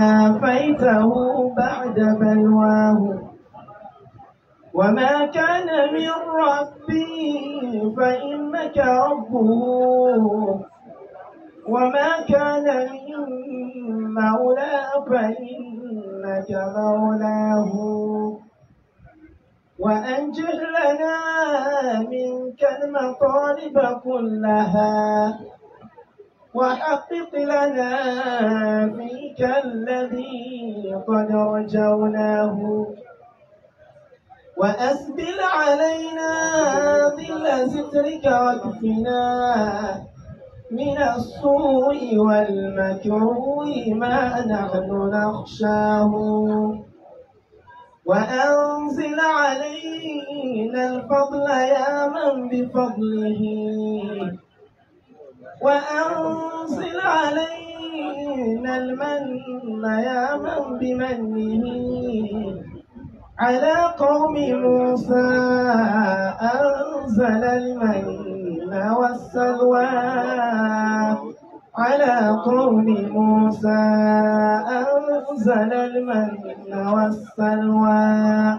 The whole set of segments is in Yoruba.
عافيته بعد بلواه وما كان من ربي فإنك ربه وما كان من مولى فإنك مولاه وأنجه لنا منك المطالب كلها وحقق لنا فيك الذي قد رجوناه وأسبل علينا ظل سترك واكفنا من السوء والمكروه ما نحن نخشاه وأنزل علينا الفضل يا من بفضله وأنزل علينا المن يا من بمنه على قوم موسى أنزل المن والسلوى على قوم موسى أنزل المن والسلوى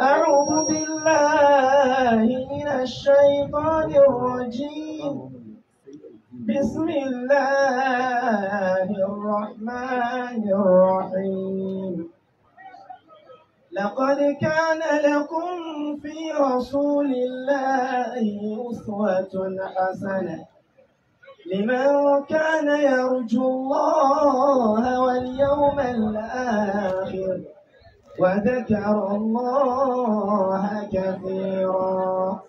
أعوذ بالله من الشيطان الرجيم بسم الله الرحمن الرحيم لقد كان لكم في رسول الله أسوة حسنة لمن كان يرجو الله واليوم الآخر وذكر الله كثيرا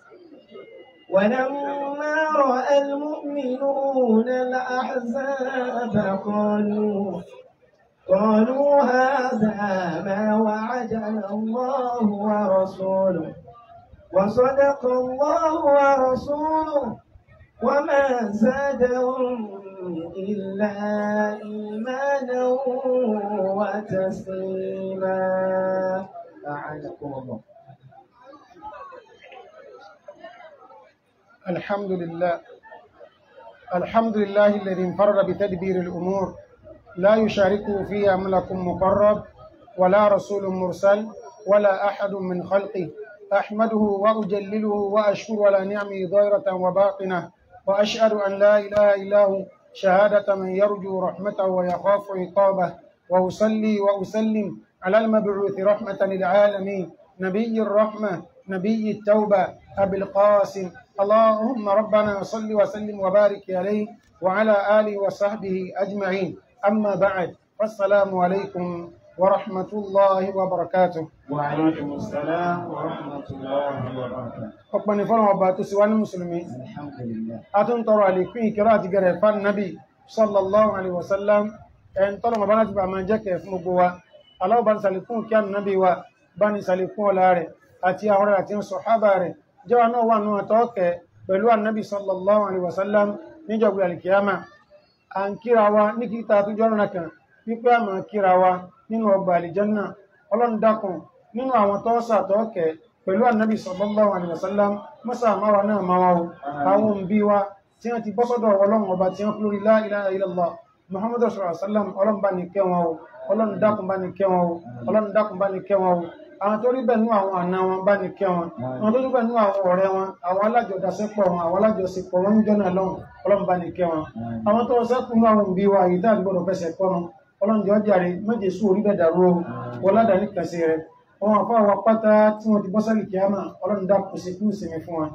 ولما رأى المؤمنون الأحزاب قالوا قالوا هذا ما وعدنا الله ورسوله وصدق الله ورسوله وما زادهم إلا إيمانا وتسليما أعانكم الله الحمد لله الحمد لله الذي انفرد بتدبير الأمور لا يشاركه فيها ملك مقرب ولا رسول مرسل ولا أحد من خلقه أحمده وأجلله وأشكر على نعمه ظاهرة وباطنة وأشهد أن لا إله إلا هو شهادة من يرجو رحمته ويخاف عقابه وأصلي وأسلم على المبعوث رحمة للعالمين نبي الرحمة نبي التوبة أبي القاسم اللهم ربنا صل وسلم وبارك عليه وعلى آله وصحبه أجمعين أما بعد فالسلام عليكم ورحمة الله وبركاته وعليكم السلام ورحمة الله وبركاته أقبل فرما باتو سوان المسلمين الحمد لله أتون عليكم كرات غرفان النبي صلى الله عليه وسلم أن ترى مبانات بأمان جاك مبوا. الله بان سالكون كان نبي وبان سالكون لاري أتي أورا أتين صحابة jẹ́wà náà wà náà tọ́ọ̀kẹ́ pẹ̀lú annabi sallallahu alaihi wasallam níjọba alkiyama a ń kíra wa ní kíta tó jọ́ rẹ̀ kan wípé a máa kíra wa nínú ọgbà àlìjánná ọlọ́run dákun nínú àwọn tọ́ọ̀sà tọ́ọ̀kẹ́ pẹ̀lú annabi sallallahu alaihi wasallam mọ́sà máwa náà máwa o àwọn òǹbí wa tí wọ́n ti bọ́ sọ́dọ̀ ọlọ́run ọba tí wọ́n lórí la ilaha illallah muhammadu sallallahu ọlọ́run bá ní kẹ́ o ọlọ́run dákun bá ní kẹ́ o àwọn tó rí bẹ́ẹ̀ nú àwọn àna wọn bá ní kẹ́ wọn àwọn tó rí bẹ́ẹ̀ nú àwọn ọ̀rẹ́ wọn àwọn alájọdásẹ́pọ̀ wọn àwọn alájọsẹpọ̀ wọn ń jọ́nà lọ́hùn ọlọ́run bá ní kẹ́ wọn àwọn tó sẹ́kù nú àwọn òbí wa yìí tá à ń gbọ́dọ̀ fẹsẹ̀ kọ́ wọn ọlọ́run jọ jàre méje sú orí bẹ́ẹ̀ dàrú o wọlá dání kàṣe rẹ àwọn àfa wa pátá tí wọn ti bọ́ sálì kíámà ọlọ́run dá kùsìkú ìsinmi fún wa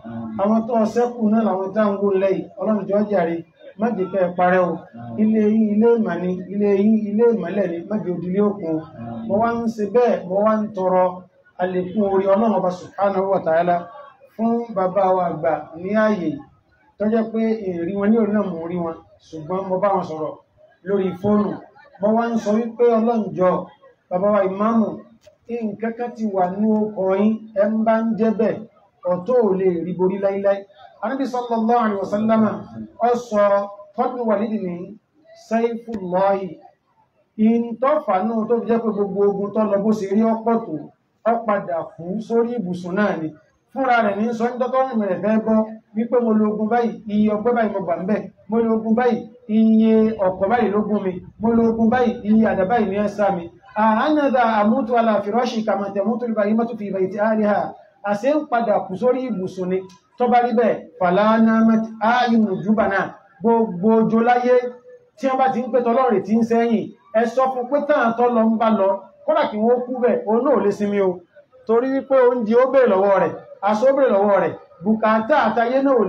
àwọn tó sẹ́kù náà làwọn tá à lẹ́yìn ọlọ́run jọ jàre má jẹ́ kẹ́ ẹ parẹ́ o ilé yín ilé ìmọ̀ ni ilé yín ilé ìmọ̀lẹ̀ ni má jẹ́ òdìlé òkun mo wá ń ṣe bẹ́ẹ̀ mo wá ń tọrọ àlékún orí ọlọ́run ọba subhanahu wa ta'ala fún bàbá wa àgbà ní ààyè tó jẹ́ pé ìrìn wọn ní òun náà mo rí wọn ṣùgbọ́n mo bá wọn sọ̀rọ̀ lórí fóònù mo wá ń sọ wípé ọlọ́njọ́ bàbá wa ìmáàmù nǹkan kan ti wà ní ọkọ̀ yín ẹ ń bá ń jẹ́ bẹ́ẹ̀ ọ̀tọ̀ ò lè rí borí láíláí anábì sallallahu alaihi wasallam ọsọ tọ́dún wà nídìí ní sẹ́ífù lọ́ọ̀yì ìntọ́fà náà tó fi jẹ́ pé gbogbo ogun tó lọ bó ṣe rí ọpọ̀ tó ọ padà kú sórí ibùsùn náà ni fúnra rẹ̀ ní sọ nítorí tọ́rùn mẹ́rẹ̀ fẹ́ gbọ́ wípé mo lo ogun báyìí iye ọgbẹ́ báyìí mo gbà ń bẹ̀ mo lo ogun tó bá rí bẹ́ẹ̀ fàlànà ayùn jùbà náà gbogbo ojo láyé tí wọ́n bá ti ń pè tọ́lọ́rìn tí ń sẹ́yìn ẹ sọ fún pé tàn tọ́ lọ ń bá lọ kọ́lá kí wọ́n kú bẹ̀ òun náà lè sinmi o torí wípé oúnjẹ ó bèèrè lọ́wọ́ rẹ̀ aṣọ ó bèèrè lọ́wọ́ rẹ̀ bùkátà àtayé náà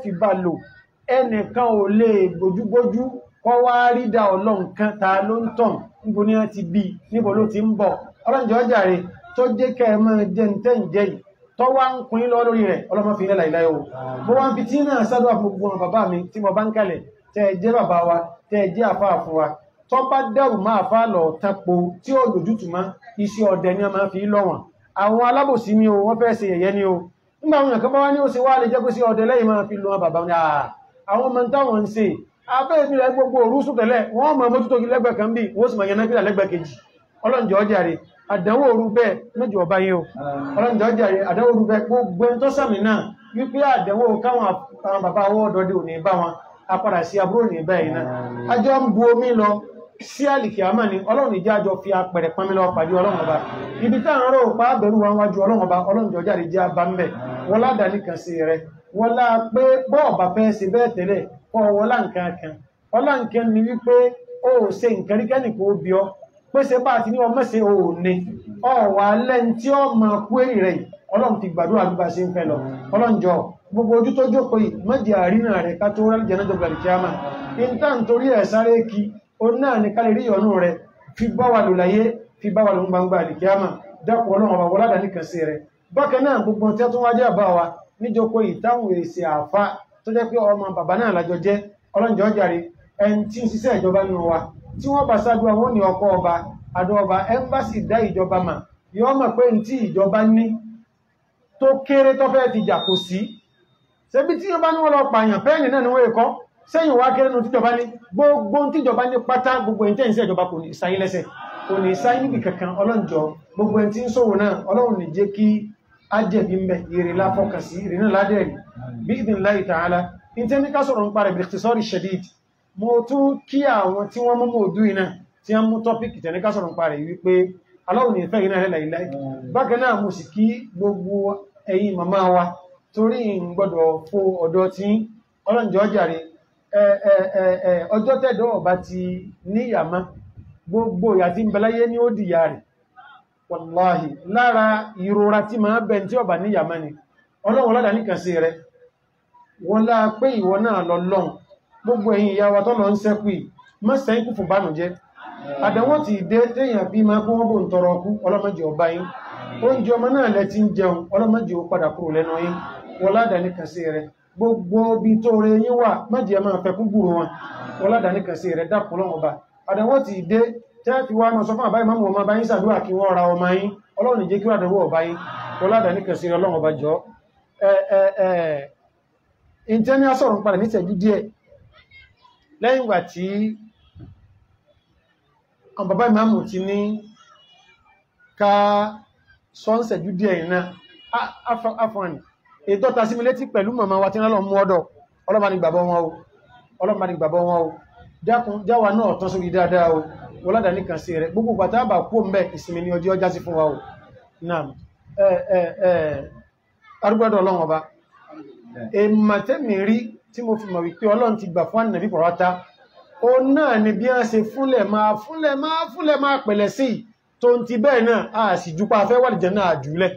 ní ẹnìkan ò lè gbójúgbójú kọ́ wá rí da ọlọ́run kan ta ló ń tàn níbo ní wọ́n ti bí níbo ló ti ń bọ̀ ọlọ́njẹ́ ọjà rẹ̀ tó jẹ́ kẹ́ ẹ máa jẹ ntẹ́ ǹjẹ́ yìí tó wá ń kun lọ lórí rẹ̀ ọlọ́mọ fi nílẹ̀ ìlẹ́ o mo wá ń fi tí náà sádùn àfọwọ́ àwọn bàbá mi tí mo bá ń kalẹ̀ tẹ́ ẹ jẹ́ bàbá wa tẹ́ ẹ jẹ́ àfa àfọ wa tó bá dẹrù máa fa lọ tapo tí ó lòjútù mọ́ iṣẹ́ ọdẹ ni a máa fi lọ wọn àwọn alábòsí mi o wọ́n fẹ́ ṣe yẹ̀yẹ́ ni o nígbà àwọn èèyàn kan bá wá ní ó ṣe wá lè jẹ́ pé sí ọdẹ lẹ́yìn máa fi lọ bàbá wọn àwọn ọmọ táwọn ń ṣe a ìbílẹ̀ gbogbo orúsùn tẹ́lẹ̀ wọ́n mọ̀ mọ́tútó lẹ́gbẹ̀ẹ́ kan bí wọ́n sì mọ̀ yẹnẹ́bílà lẹ́gbẹ̀ẹ́ kejì ọlọ́njẹ́ ọjàre àdánwò orú bẹ́ẹ̀ méjì ọba yìí o ọlọ́njẹ́ ọjàre àdánwò orú bẹ́ẹ̀ gbogbo ẹni tó sàmì náà wípé àdánwò káwọn bàbá owó ọdọọdẹ ò bá wọn apára sí àbúrò ní báyìí náà ajọ ń bu omi lọ sí àlìkì ni ọlọ́run àjọ fi apẹ̀rẹ̀ lọ pàdé ọlọ́run ọba ibi pa wa wájú ọlọ́run ọba ọlọ́run jọjá rẹ̀ jẹ́ abá ń bẹ̀ wọ́n ládàá kọ́ ọwọ́ láǹkan kan ọlọ́nkan ni wípé o ṣe nǹkan rí kẹ́nìkan ó bí ọ pé ṣe bá ti ní ọmọ ṣe ò ní ọ̀wà lẹ́n tí ó mọ kú èrì rẹ̀ ọlọ́run ti gbàdúrà bí ba ṣe ń fẹ́ lọ ọlọ́njọ́ gbogbo ojú tó jókòó yìí mọ́jì àrínà rẹ̀ ká tó rẹ́lì jẹ́nà jọba ìkíámà ìta ń torí ẹ̀ sáré kí ó náà ní ká lè rí ìyọnú rẹ̀ fi bá wà lò láyé fi bá wà lò gbangba ìkíámà dápọ̀ ọlọ́run ọba wọlá dání kan sí rẹ̀ bákan náà gbogbo tí wọ́n wájú àbá wa níjókòó yìí èsì àfa tó jẹ́ pé ọmọ bàbá náà lájọ jẹ́ ọlọ́njẹ́ ọjàre ẹni tí ń ṣiṣẹ́ ìjọba nínú wa tí wọ́n bá ṣáájú àwọn òní ọkọ̀ ọba àdó ọba ẹ́mbásì dá ìjọba mà yọ́ mọ̀ pé tí ìjọba ní tó kéré tó fẹ́ ti jà kò sí ṣebí tí wọ́n bá ní wọ́n lọ pààyàn pẹ́ẹ́nì náà ni wọ́n èkọ́ sẹ́yìn wá kéré nu tíjọba ní gbogbo tíjọba ní pátá gbogbo ẹni tẹ́yìn sí ìjọba kò ní sáyé lẹ́sẹ̀ kò bi'idhnillahi ta'ala in tẹ́ ní ká sọ̀rọ̀ ń parẹ̀ kí àwọn tí wọ́n mú mú iná tí a mú tọ́pìkì tẹ́ ní ká sọ̀rọ̀ ń parẹ̀ wípé wọ́n láà pé ìwọ náà lọ lọ́n gbogbo ẹ̀yin ìyá wa tọ́lọ ń sẹ́kù ikufu má sẹ́yìn kú fún bánújẹ́ àdánwò ti dé téèyàn máa kó wọ́n bò ń tọrọ ọkú ọba yi oúnjẹ ọmọ náà lẹ ti ń jẹun ọlọ́mọdé ó padà kúrò lẹ́nu yín wọ́n rẹ gbogbo ibi tó rẹ yín wà májèé máa gbùrù wọn wọ́n rẹ ti dé ìtẹ́ni asọ̀rọ̀ ń padà ní ìṣẹ́jú díẹ̀ lẹ́yìn ìgbà tí àwọn bàbá ìmáàmù ti ní ká sọ́nsẹ̀jú díẹ̀ iná afọ́nì ìdọ́ta sí mi pẹ̀lú màmá wa tí wọ́n lọ mú ọdọ̀ ọlọ́mà ni gbàbọ́ wọn o ni gbàbọ́ wọn o dákun jáwa náà tán sórí dáadáa o wọ́ládà ní kàn sí rẹ̀ gbogbo pàtàbà kó mẹ́ ìsinmi ni ọjọ́ jásí fún wa o náà arúgbọ́dọ̀ ọlọ́wọ́n ọba èmàtẹ́mì rí tí mo fi mọ̀ wípé ọlọ́run ti gbà fún ànàbí pọ̀rọ́ta ó náà ni bí wọ́n ṣe fúnlẹ̀ máa fúnlẹ̀ máa fúnlẹ̀ máa pẹ̀lẹ̀ sí tó ń ti bẹ́ẹ̀ náà a sì jùpá afẹ́ wà lìjẹ́ náà jùlẹ̀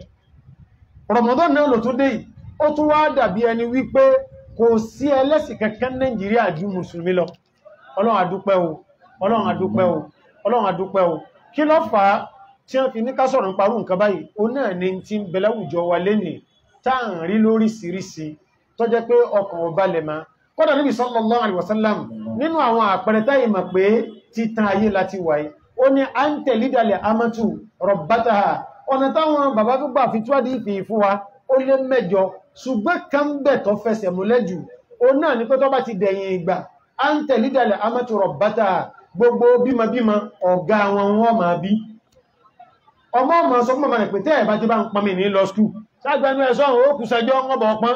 rọmọdọ́ náà ló tún dé yìí ó tún wá dàbí ẹni wípé kò sí ẹlẹ́sìn kankan nàìjíríà ju mùsùlùmí lọ ọlọ́run àdúpẹ́ o ọlọ́run àdúpẹ́ o ọlọ́run àdúpẹ́ o kí ló fà á tí wọ́n fi ní ká sọ̀rọ̀ nípa irú nǹkan báyìí ó náà ní ti ń bẹ wa lénìí tá ń rí lóríṣiríṣi tó jẹ́ pé ọkàn ọba lè máa kọ́dà níbi sallallahu alaihi wasallam nínú àwọn àpẹẹrẹ táyì mọ̀ pé títan ayé láti wáyé ó ní à ń tẹ̀lé dalẹ̀ amatu rabbataha ọ̀nà táwọn bàbá tó gbà fi tíwádì ìfì fún wa ó lé mẹ́jọ ṣùgbọ́n kan bẹ̀ tó fẹsẹ̀ múlẹ̀ jù ó náà ní pé tó bá ti dẹ̀yìn ìgbà à ń tẹ̀lé dalẹ̀ amatu rabbataha gbogbo bímọbímọ ọ̀gá wọn wọn máa bí ọmọ ọmọ sọ fún mọ̀mọ́ rẹ̀ pé tẹ́ ti bá ń pọnmi ní lọ skul ṣáàgbẹ́nu ẹ̀sọ́ òkú sẹjọ́ ọmọ bọ̀ ọpọ́n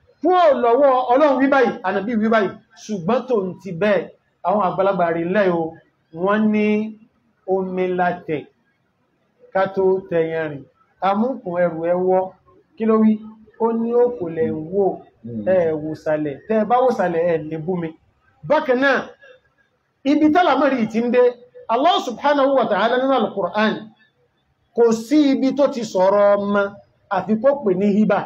fún lọ́wọ́ ọlọ́run wíbáyìí ànàbí wíbáyìí ṣùgbọ́n tó ń ti bẹ́ẹ̀ àwọn àgbàlagbà rí o wọ́n ní omi látẹ̀ ká tó tẹ̀yàn rìn amúkùn ẹrù ẹwọ́ kí ló wí ó bákan náà ibi ti ń dé nínú kò sí ibi tó ti sọ̀rọ̀ ọmọ àfikọ́ pè ní hibà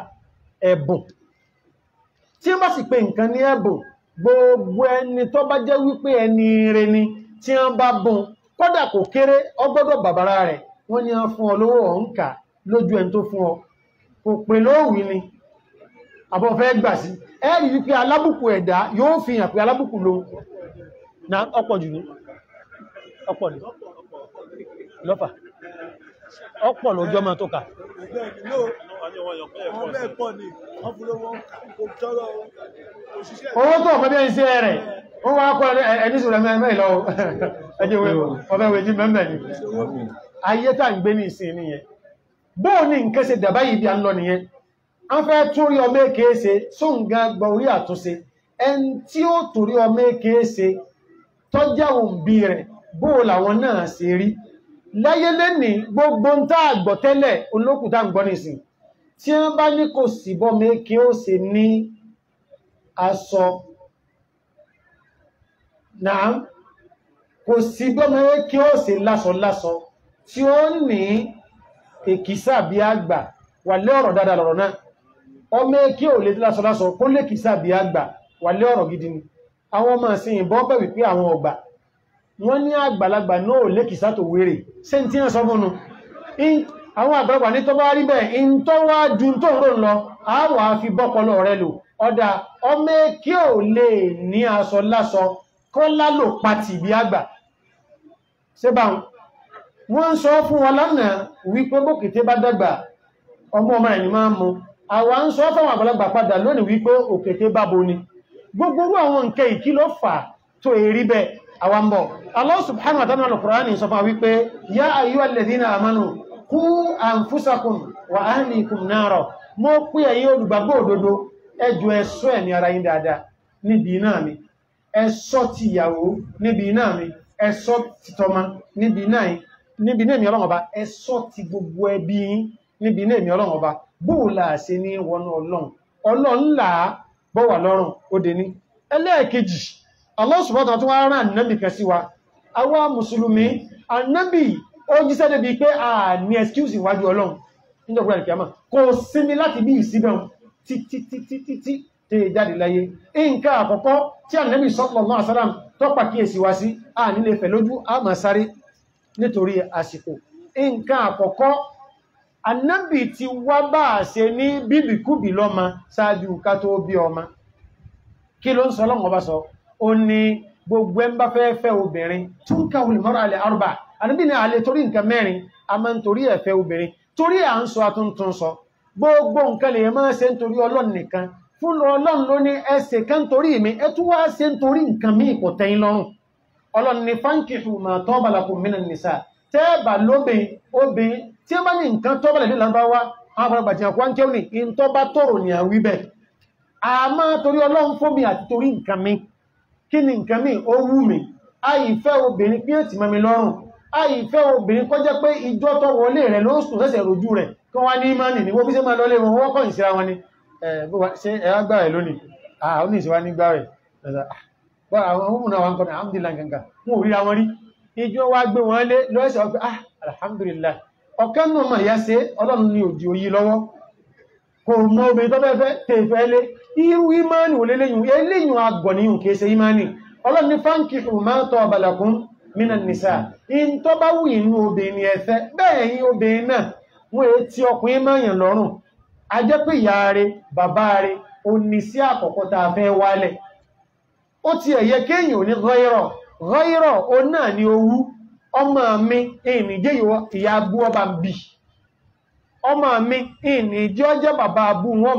tí wọ́n bá sì pe nǹkan ní gbogbo ẹni tó bá wípé ẹni rẹ ni tí wọ́n bá bùn kódà kò kéré ọgbọ́dọ̀ bàbára fún ọ lówó kà lójú ẹni tó fún ọ kò pè lóòwì ni àbọ gbà sí ẹ rí alábùkù yóò fi hàn pé alábùkù ló na ọ̀pọ̀ lójú ọmọ tó kà. owó tó ọ̀pọ̀ bí ẹni sí ẹ̀rẹ̀ ó wá kọ́ ẹni sọ̀rọ̀ mẹ́rin lọ́wọ́ ẹjẹ́ ọbẹ̀ wẹ̀jí mẹ́mẹ́ ni ayé tá ń gbé ní ìsìn nìyẹn bóò ní nǹkan ṣe dàbá yìí bí a ń lọ nìyẹn a fẹ́ torí ọmọ èkéèṣe sóǹgá gbọ́ orí àtúnṣe ẹn tí ó torí ọmọ èkéèṣe tọ́jáwò ń bí rẹ̀ bóò làwọn náà ṣe rí láyé lẹ́ni gbogbo ń tá àgbọ̀ tẹ́lẹ̀ olókùn tá ń gbọ́ nìsìn tí wọ́n bá ní kò sí bọ́mí kí ó sì ní aṣọ náà kò sí bọ́mí kí ó sì lásọ lásọ tí ó ní èkìsà bí àgbà wà lé ọ̀rọ̀ dáadáa lọ̀rọ̀ náà ọmọ kí ò lè lásọ lásọ kó lè kìsà bí àgbà wà lé ọ̀rọ̀ gidi ni àwọn ọmọ sí ìbọ́ bẹ̀ wípé àwọn ọgbà wọ́n ní àgbàlagbà náà lẹ́kìsá tó wèrè ṣe tí wọ́n sọ fúnnu àwọn àgbàlagbà ní tó rí bẹ́ẹ̀ in tó wá ju tó rò lọ àwọ̀ àfi bọ́kọlọ rẹ lò ọ̀dà ọmọ kí ò lè ní aṣọ lásọ kọ́ lálò pàtì bí àgbà ṣébà wọ́n sọ fún wọn lánàá wípé bókété bá ni máa mú àwa ń sọ fáwọn àgbàlagbà padà lónìí fà tó èrí bẹ́ẹ̀ àwambọ̀. Allah subhanahu wa ta'ala al-Qur'ani sọ fún wípé ya ayyuhal ladhina amanu qu anfusakum wa ahlikum nara mọ́ pé ẹ̀yin olùgbàgbọ́ òdodo ẹjọ ẹ̀ṣọ́ ẹ̀mí ara yín dáadáa níbi iná mi ẹ̀ṣọ́ ti ìyàwó níbi iná mi ẹ̀ṣọ́ ti tọmọ níbi iná yín níbi iná mi ọlọ́run ọba ẹ̀ṣọ́ ti gbogbo ẹbí yín níbi iná mi ọlọ́run ọba bóòlà àṣẹ ní wọnú ọlọ́run ọlọ́run là bọ́wà lọ́rùn ó dé ní ẹlẹ́ẹ̀kejì Allah subhanahu wa ta'ala rán ànábì kan sí wa àwa mùsùlùmí ànábì ó jíṣẹ́ débi pé a ní excuse ìwájú ọlọ́run níjọba ìkìyàmà kò sinmi láti bí ìsíbẹ̀ títítítítí tẹ jáde láyé nǹkan àkọ́kọ́ tí ànábì sallallahu alaihi wasallam tọ́pà kíyèsí wá sí a nílé fẹ̀ lójú a mà sáré nítorí àsìkò nǹkan àkọ́kọ́ ànábì ti wá bá a ṣe ní bíbìkúbì lọ́mọ ṣáájú ká tó bí ọmọ kí ló ń sọ ọlọ́run ọba sọ ó ní gbogbo ẹ̀ ń bá fẹ́ẹ́ fẹ́ obìnrin tún ká olùmọ́ra alẹ́ arúgbà àníbí ni àlè torí nǹkan mẹ́rin a máa ń torí ẹ̀fẹ́ obìnrin torí à ń sọ àtúntún sọ gbogbo nǹkan lè máa ṣe nítorí ọlọ́run nìkan fún ọlọ́run ló ní ẹsẹ̀ kan torí mi ẹ tún wá ṣe nítorí nǹkan míì kò tẹ́yìn lọ́rùn ọlọ́run ní fáńkìfù máa tọ́ balakùn mí nìsa tẹ́ẹ̀bà lóbìn obìnrin tí ó bá ní nǹkan tọ́ balẹ̀ nílànà àwọn àgbàjì àkọ́ kí ni nǹkan mi ó wù mí àìfẹ́ obìnrin pí ètì mẹ́mi lọ́rùn àìfẹ́ obìnrin kọjẹ́ pé ìjọ tó wọlé rẹ̀ ló sùn sẹ́sẹ̀ rojú rẹ̀ kí wọ́n ní ìmánì ní wọ́n bí ṣe máa lọ́lé wọn wọ́n kọ̀yìn síra wọn ni ṣe ẹ̀rọ gbà rẹ̀ lónìí ah, àwọn ní ìṣẹ́wá ní gbà rẹ̀ bọ́ àwọn ohun náà wọn kọ́ni alhamdulillah gangan wọn ò ríra wọn rí ìjọ wa gbé wọn lé lọ́sẹ̀ ọgbẹ́ ah alhamdulillah ọ̀kan náà mà yá iru ìmáni olè lẹ́yìn eléyìn agbọ̀nìyàn kìí ṣe ìmáni ọlọ́ni fáǹkì máa tọ́ mínà nìsà in tó bá wù inú obìnrin ẹ̀fẹ́ bẹ́ẹ̀ obìnrin náà wọ́n è tí ọkùnrin máyàn lọ́rùn a jẹ́ pé ìyá rẹ̀ bàbá rẹ̀ o ní sí àkọ́kọ́ tá fẹ́ wálẹ̀ ó ti ẹ̀yẹ kéèyàn ní rọ́yọ̀rọ̀ ó náà ni owú ọmọ mi ìnìjẹ́ ìyá abú ọba bì ọmọ mi ìnìjẹ́ ọjọ́ bàbá abú wọn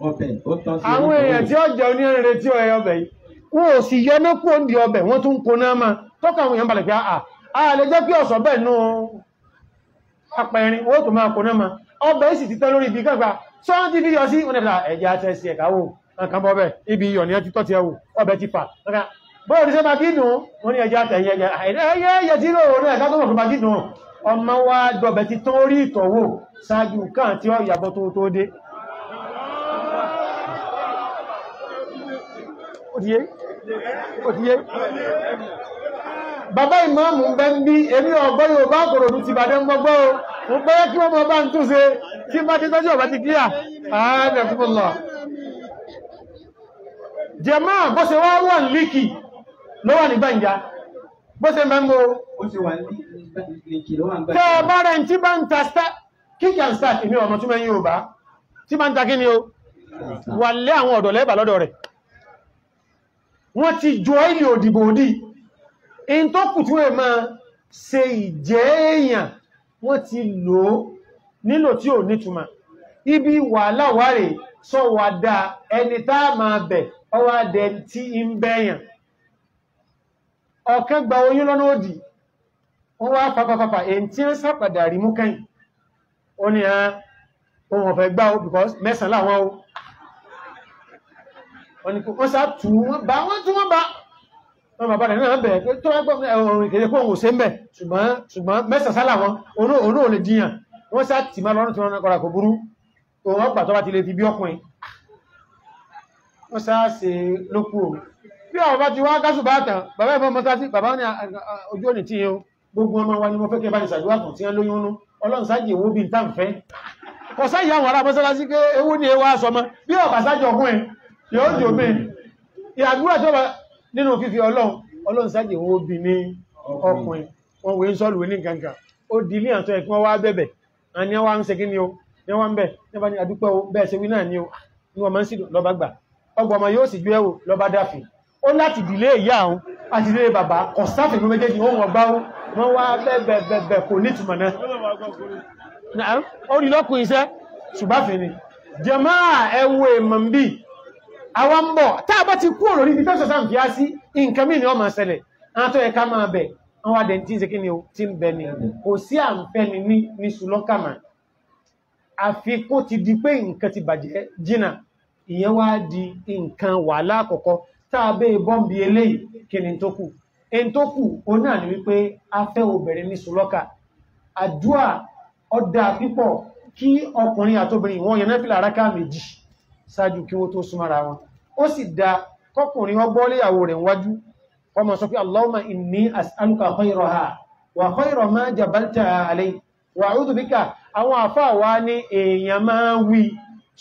àwọn èèyàn tí ó jẹ onírere tí ó ẹyọ bẹ̀ yìí wọn ò sì yọ náà kúrò ní ọbẹ̀ wọn tún kóná ma tọ́ka àwọn èèyàn balẹ̀ pé àà a lè jẹ́ kí ọ̀sọ̀ bẹ́ẹ̀ nú apẹ̀rin ó tó máa kóná ma ọbẹ̀ sì ti tán lórí ibi gbàgbà sọ́n ti fi yọ sí wọn dẹ̀dà ẹ̀jẹ̀ àti ẹ̀sì ẹ̀ka wò nǹkan bọ́ bẹ́ẹ̀ ibi iyọ̀ ní ẹ ti tọ́ ti ẹ wò ọbẹ̀ ti fà bọ́ọ̀lù sẹ́ máa kí dùn wọn ni ẹ̀jẹ̀ àtẹ̀yẹ ẹ̀yẹ ẹ̀yẹ tí lóòrùn náà ẹ̀ká tó mọ̀ fún máa kí dùn ọmọ wa dọ̀bẹ̀ ti tán orí ìtọ̀wò ṣáájú kan tí ó yàbọ̀ tó tó dé òtíyé òtíyé bàbá ìmáàmù bẹ́ ń bí èmi ọ̀gbọ́n yorùbá Ìkòròdú ti bàdé mọ́gbọ́ o mo pẹ́ kí wọ́n mọ bá ń túnṣe tí bá ti tọ́jú ọ̀bá ti kíyà ààbẹ̀ fúnpọ̀ lọ. jẹ̀mọ́ bó ṣe wá wà ní líkì ló wà ní gbàǹjà bó ṣe máa ń mo. bó ṣe wà ní líkì ló wà ní gbàǹjà. tẹ́ ọ bá rẹ̀ ń tí bá ń ta star kíkì and star èmi ọmọ túnmọ̀ yorùbá tí bá ń ta kí ni o wà lé àwọn ọ̀dọ́ lẹ́bàá lọ́dọ̀ rẹ̀ wọ́n ti jọ ilé òdìbò òdì in tó kù tí wọ́n máa ṣe ìjẹ́ èèyàn wọ́n ti lò nílò tí ò nítumà ibi wàhálà wárè sọ wà dáa ẹni tá a máa bẹ̀ ọwọ́ adẹ tí ń bẹ̀yàn ọ̀kan gba oyún lọ́nà òdì wọ́n wá pàpàpàpà èyí tí ń sàpàdà rí mú kẹ́yìn ó ní ohun ah, ọ̀fẹ́ gbá because mẹ́sàn-án làwọn o wọ́n ní wọ́n sá tù wọ́n bá wọ́n tún wọ́n bá wọ́n bàbá rẹ̀ náà bẹ̀ pé tó wá gbọ́ ọ̀rìn kèrè pé òun ò ṣe ń bẹ̀ ṣùgbọ́n ṣùgbọ́n mẹ́sàn sálà wọn òun ò lè jiyàn wọ́n sá tì má lọ́rùn tí wọ́n kọ́ra kò burú òun ọgbà tó bá ti lè fi bí ọkùnrin wọ́n sá ṣe lókù o bí àwọn bá ti wá gásù bá tàn bàbá ìfọ́n mọ́sáàtì bàbá ní ojú òní tí yẹn gbogbo ọmọ wa ni mo fẹ́ kí ẹ bá ní ṣàdúrà kan tí wọ́n lóyún nú ọlọ́run sáàjì èwo bíi táǹfẹ́ kọ̀ọ̀sáyì àwọn ará mọ́sálásí pé ewu ni ewa sọmọ bí ọ̀kà sáàjì ọkùnrin yóò jò bí ìyàgbúrà tó wà nínú fífi ọlọ́run ọlọ́run sáàjì bí ní ọkùnrin wọn wèé ní kankan ó di ilé àtọ́ ẹ̀kún wá bẹ̀bẹ̀ àní wá ń ṣe ni o ní wá ń bẹ̀ ní àdúpẹ́ o bẹ́ẹ̀ ṣe wí náà ni o ní máa ń sì lọ́ba gbà ọmọ yóò sì gbé lọ́ba ó láti dìlé ìyá àti ilé bàbá méjèèjì ó gbá wá kò ni èèmọ̀ àwọn ń bọ̀ tá a bá ti kú òròrí ibi tẹ́sọ̀ sáà ń fi á sí nǹkan mìíràn ọmọ ṣẹlẹ̀ àwọn tó yẹ ká máa bẹ̀ àwọn adẹ̀ tí ń ṣe kí ni o ti ń bẹ ni kò sí à ń fẹ́ ni ní ní ṣùlọ́kàmà àfikún ti di pé nǹkan ti bàjẹ́ jìnnà ìyẹn wá di nǹkan wàhálà àkọ́kọ́ tá a bẹ́ẹ̀ bọ́m̀bì eléyìí kí ni tó kù ẹni tó kù ó náà ni wípé a fẹ́ obìnrin ní ṣùlọ́kà àdúà ọ̀dà pípọ̀ kí ọkùnrin àtobìnrin wọ́n yẹn náà fi làrákà méjì ṣáájú kí wọ́n tó súnmọ́ra wọn ó sì dá kọkùnrin ọgbọ́ léyàwó rẹ̀ wájú ọmọ sọ pé allahumma inni as'aluka khayraha wa khayra ma jabaltaha alay wa bika àwọn àfáà wá ní èèyàn máa wí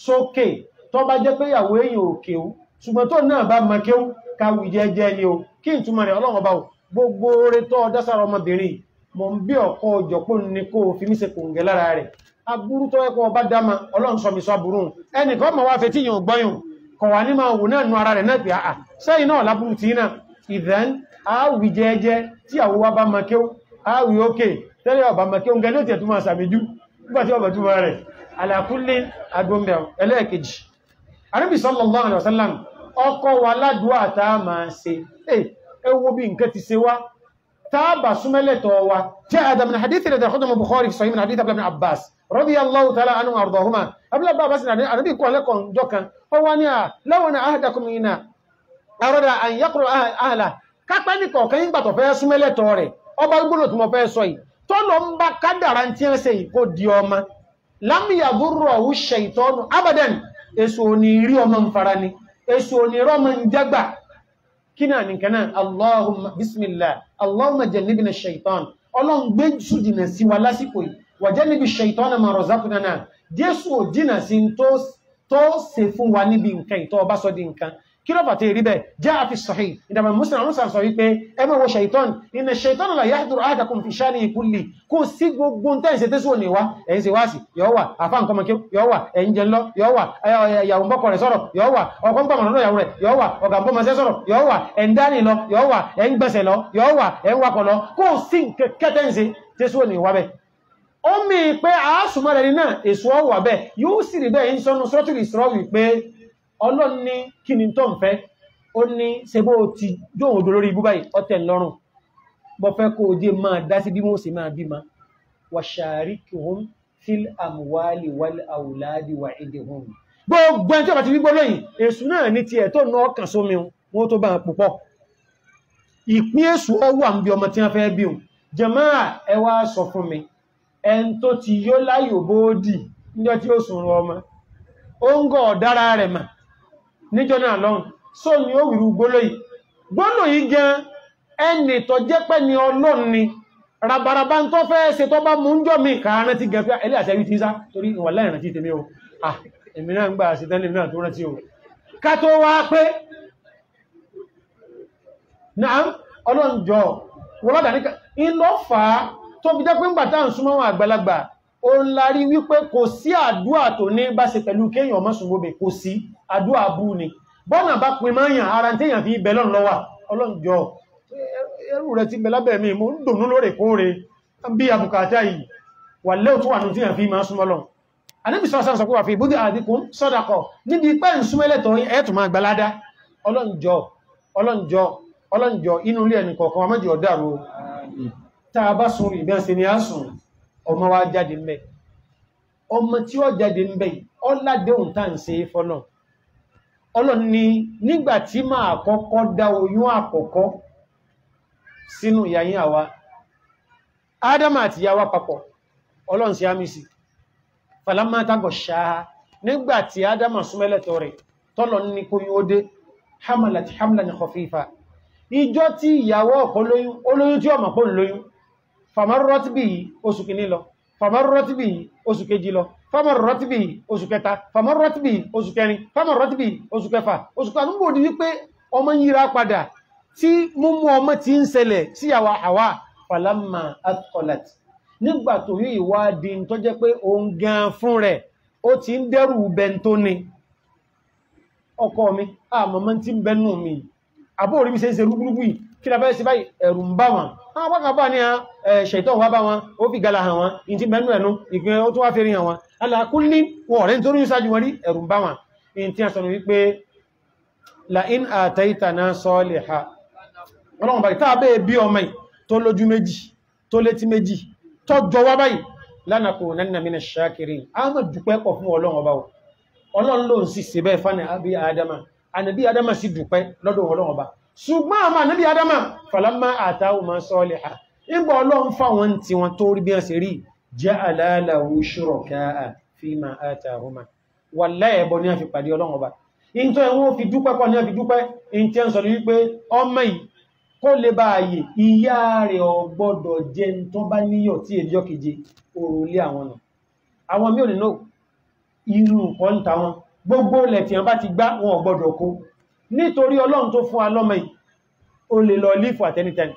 sókè tó bá jẹ́ pé ìyàwó èèyàn òkè ó ṣùgbọ́n tó náà bá mọ kéwú káwì jẹ́jẹ́ ni o kí n gbogbo oore tó ọdá ọmọbìnrin mọ̀ ń bí ọkọ̀ ọjọ́pọ̀ ní kó fi mí ṣe kòǹgẹ́ lára rẹ̀ aburú tó ẹkùn ọba dáma ọlọ́run sọmi sọ burú ẹnìkan ma wá fetí yàn gbọ́yùn kọ̀ wà ní ma wò náà nú ara rẹ̀ náà pé àà sẹ́yìn náà lábúrú tí náà ìdẹ́n àáwì jẹ́ẹ́jẹ́ tí àwọ wa bá makẹ́ àáwì ókè sallallahu alaihi wasallam ọkọ wa ládùúgbò àtàmà ṣe ẹ wo تابع سملة توا جاء هذا من حديث الذي أخذه البخاري في صحيح من حديث أبلا بن عباس رضي الله تعالى عنه وأرضاهما أبلا عباس يعني النبي يقول لكم جوكا هو أنا لو أنا أهدكم هنا أراد أن يقرأ أهله kápẹ́ nìkan kẹ́yìn gbà tó fẹ́ súnmẹ́lẹ̀tọ̀ rẹ̀ ọba gbọ́dọ̀ tí mo fẹ́ sọ yìí tó lọ ń bá kádàrá tí ń ṣe ìkó di ọmọ lámìyàbúrò ọ̀hún ṣe ìtọ́nu kíná nìkan náà allahumma bismillah allahumma jannibna shaitan ọlọ́run gbé jù dìnà sí wa lásìkò yìí wa jannibi shaitana ma razaqtana jésù ò dìnà sí tó ṣe fún wa níbi nǹkan ìtọ́ ọba sọ nǹkan kí lọ́fà tí rí bẹ́ jẹ́ àfi sọ̀hí ìdàmà muslim arúnsà sọ wípé ẹmọ́ wo ṣaitan iná ṣaitan la yahdur ahadakum fi ṣáni ìkúlì kó sí gbogbo tẹ́ẹ̀sẹ̀ tẹ́sù òní wá ẹ̀yìn sí wáàsì yọ́ wà àfá nǹkan mọ̀kí yọ́ wà ẹ̀yìn jẹ́ lọ yọ́ wà ìyàwó bọ́kọ̀ rẹ̀ sọ̀rọ̀ yọ́ wà ọkọ̀ ń pàmọ̀ lọ́yàwó rẹ̀ yọ́ wà ọ̀gá ń bọ́mọ̀sẹ́ sọ̀rọ̀ yọ́ wà ẹ̀ ń dání lọ yọ́ wà ẹ̀ ń gbẹ̀sẹ̀ lọ ó mi pé àásùmọ́ ní náà èso ọ̀wà bẹ́ẹ̀ yóò sì rí bẹ́ẹ̀ ń sọnù sọ́tùlì sọ́rọ̀ wípé ọlọ́run ní kí ni tó ń fẹ́ ó ní ṣebó ti jóhùn odò lórí ibú báyìí ọtẹ̀ lọ́rùn bọ́ fẹ́ kó o dé máa dá sí bí wọ́n sì máa bímọ wàṣàríkìhún fil amwali wal auladi wa idihum gbogbo ẹni tí ó bá ti wígbó lóyìn èsù náà ní ti ẹ̀tọ́ náà kàn sómi wọn tó bá ń púpọ̀ ìpín èsù ọwọ́ àmì ọmọ tí wọ́n fẹ́ bí un jàmáà ẹ wá sọ fún mi ẹn tó ti yó láyò bóódì níjọ́ tí ó sùn rọ ọmọ ó ń gọ̀ ọ̀dára rẹ̀ mà níjọ́ náà lọ́n só ni ó wìrú gbóló yìí gbóló yìí gan ẹni tó jẹ́ pẹ́ ni ọlọ́run ni rabaraba tó fẹ́ ṣe tó bá mú ń jọ mi kàárín ah, ti gẹ̀fẹ́ ẹlẹ́ àṣẹ wí ti sá torí ìwà lẹ́rìn tí tèmi ah èmi náà ń gbà ṣe tẹ́lẹ̀ náà tó rántí o ká tó wá pé náà ọlọ́run jọ wọ́n lọ́dà ní ó ń larí wípé kò sí àdúà tó ní bá ṣe pẹ̀lú kéèyàn mọ́sùnbóbẹ̀ kò sí àdúà bú ni bọ́nà bá pin máa yàn ara téèyàn fi ibẹ̀ lọ́n lọ́wà ọlọ́njọ́ ẹrù rẹ̀ ti bẹ̀lábẹ̀ mi mo ń dùnú lóòrèkóòrè bí abùkátà yìí wà lẹ́ò tó wà ní tíyàn fi máa súnmọ́ lọ anábì sọ́sán sọ pé wà fi ìbúdí àdíkùn sọ́dakọ̀ níbi pẹ́ ń sun ìbẹ́ǹsẹ̀ ni a sùn ọmọ wa jáde ńbẹ ọmọ tí ó jáde ńbẹ yìí ọládéhùn tá ń ṣe fọ́nà ọlọ́run ni nígbà tí máa kọ́kọ́ dá oyún àkọ́kọ́ sínú ìyàyín àwa ádámà àti ìyàwó papọ̀ ọlọ́run sí àmì sí fàlámà tàgọ̀ ṣáá nígbà tí ádámà súnmẹ́lẹ̀tọ̀ rẹ̀ tọ́lọ ní kóyún ó dé hamalat hamlan khafifa ìjọ tí ìyàwó ọ̀pọ̀ lóyún olóyún tí ọmọ pọ̀ lóyún fàmọ́rọ́tì bí oṣù kìíní lọ fàmọ́rọ́tì bí oṣù kejì lọ fàmọ́rọ́tì bí oṣù kẹta fàmọ́rọ́tì bí oṣù kẹrin fàmọ́rọ́tì bí oṣù kẹfà oṣù kẹfà níbo ni wípé ọmọ yíra padà tí múmú ọmọ ti ń ṣẹlẹ̀ síyàwó àwa falama atkolat nígbà tó yí ìwádìí tó jẹ́ pé òun gan fún rẹ̀ ó ti ń dẹ́rù bẹntóni ọkọ mi àmọ́mọ́ ti ń bẹnú mi àbóòrí mi ṣe ń ṣe rúgbúrúgbù yìí kí la fẹ́ ṣe báyìí ẹ̀rù ń bà wọ́n àwọn apákàpá ní eh, ṣẹ̀tọ́ wà bá wọn ó fi gala hàn wọn in ti mẹ́nu ẹ̀nu ìgbìn ó tó wá fẹ́rin hàn wọn alákúnlé wọn ọ̀rẹ́ nítorí ń sáájú wọn rí ẹ̀rù bá wọn in ti àṣọ wípé la'in àtẹ́ìtàná na ọlọ́run bàkì tá a bẹ́ẹ̀ bí ọmọ yìí tó lójú méjì tó létí méjì tó jọ wá adama si adama lodo dúpẹ́ lọ́dọ̀ ṣùgbọ́n àmà níbi adama falamma àtàwò ma sọ́ọ̀lẹ̀ ha ìgbà ọlọ́run fáwọn tí wọ́n tó rí bí wọ́n ṣe rí jẹ́ aláàlàwò ṣùrọ̀káà fi ma àtàwò ma wà láẹ̀bọ ní a fi pàdé ọlọ́run ọba in tó ẹ̀wọ́n fi dúpẹ́ pọ̀ ní a fi dúpẹ́ in tí ń sọ ní wípé ọmọ yìí kó lè gbogbo ilẹ̀ bá ti gbá wọn ò kó nítorí ọlọ́run tó fún alọ́mọ yìí o lè lọ lífù àtẹnitẹni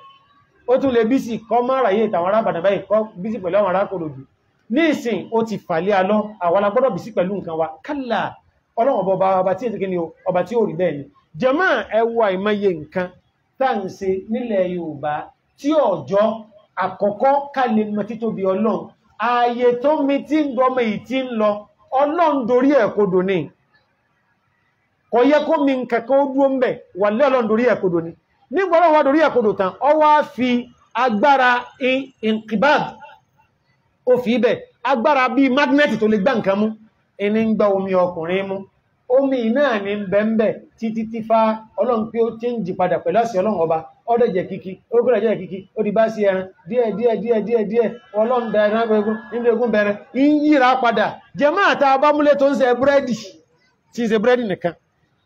ó tún lè bísì kọ́ mara ráyé ìtàwọn arábàdàn báyìí kọ́ bísì pẹ̀lú àwọn arákòrò jù ní ìsìn ó ti fàlẹ́ alọ́ àwọn alágbọ́dọ̀ bísì pẹ̀lú nǹkan wa kálà ọlọ́run ọba ọba ni jẹ́mọ́ ẹwà ìmọye nǹkan tá ń ṣe nílẹ̀ Yorùbá tí ọjọ́ àkọ́kọ́ kálẹ̀ mọ títóbi ọlọ́run ààyè tó mi ti kò yẹ kó mi kẹ̀kọ́ dúó ń bẹ̀ wà lẹ́ọ̀lọ́n dorí ẹ̀kọ́dọ̀ ni nígbọ́nà wà dorí ẹ̀kọ́dọ̀ tán ọ wá fi agbára inqibad ó fi ibẹ̀ agbára bí magnẹ́tì tó lè gbá nǹkan mú ẹni ń gba omi ọkùnrin mú omi náà ní bẹ́ẹ̀bẹ́ títí tí fa ọlọ́run pé ó ti ń jì padà pẹ̀lú àṣẹ ọlọ́run ọba ọdẹ jẹ kìkì ó kúrẹ̀ jẹ kìkì ó di bá sí ẹran díẹ̀ díẹ̀ díẹ̀ díẹ̀ díẹ̀ ọlọ́run da ẹran egun nínú egun bẹ̀rẹ̀ ń yíra padà jẹ máa ta abámúlé tó ń ṣe búrẹ́dì tí ń ṣe búrẹ́dì nìkan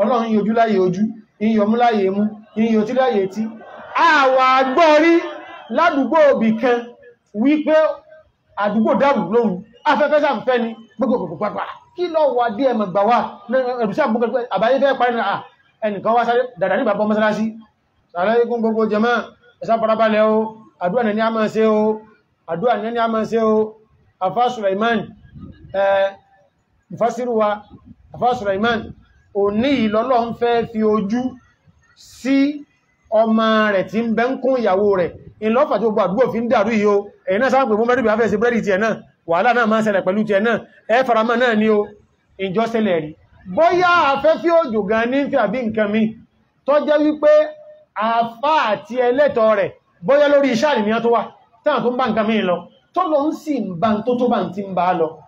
ọlọ́run yóò jú láyé ojú yíyọ mú láyé mú yíyọ tí láyé tí àwà agbọ́rí ládùúgbò òbí kan wípé àdúgbò dáàbù lóhun afẹ́fẹ́ sàfẹ́ ni gbogbo pàpà kí lọ wà dí ẹmọ̀ gbà wà ẹ̀rùsí àbúgbò àbáyé fẹ́ parí náà ẹnìkan wá sáré dàdà ní bàbá mọ́sálásí sàrẹ́ ikún gbogbo jẹmọ́ ẹ̀sá farabalẹ̀ o àdúrà ní a máa ṣe afá Sulaiman afá Sulaiman òní ìlọ́lọ́ ń fẹ́ fi ojú sí ọmọ rẹ̀ tí ń bẹ ń kún ìyàwó rẹ̀ ìlọ́fà tó gbọ́ àdúgbò fi ń dàrú yìí o ẹ̀yin náà sáàpẹ̀ fún mẹ́rìnbí afẹ́sí bẹ́rì tiẹ̀ náà wàhálà náà máa ń ṣẹlẹ̀ pẹ̀lú tiẹ̀ náà ẹ ni o ìjọ ṣẹlẹ̀ rí bóyá afẹ́fẹ́ òjò gan ní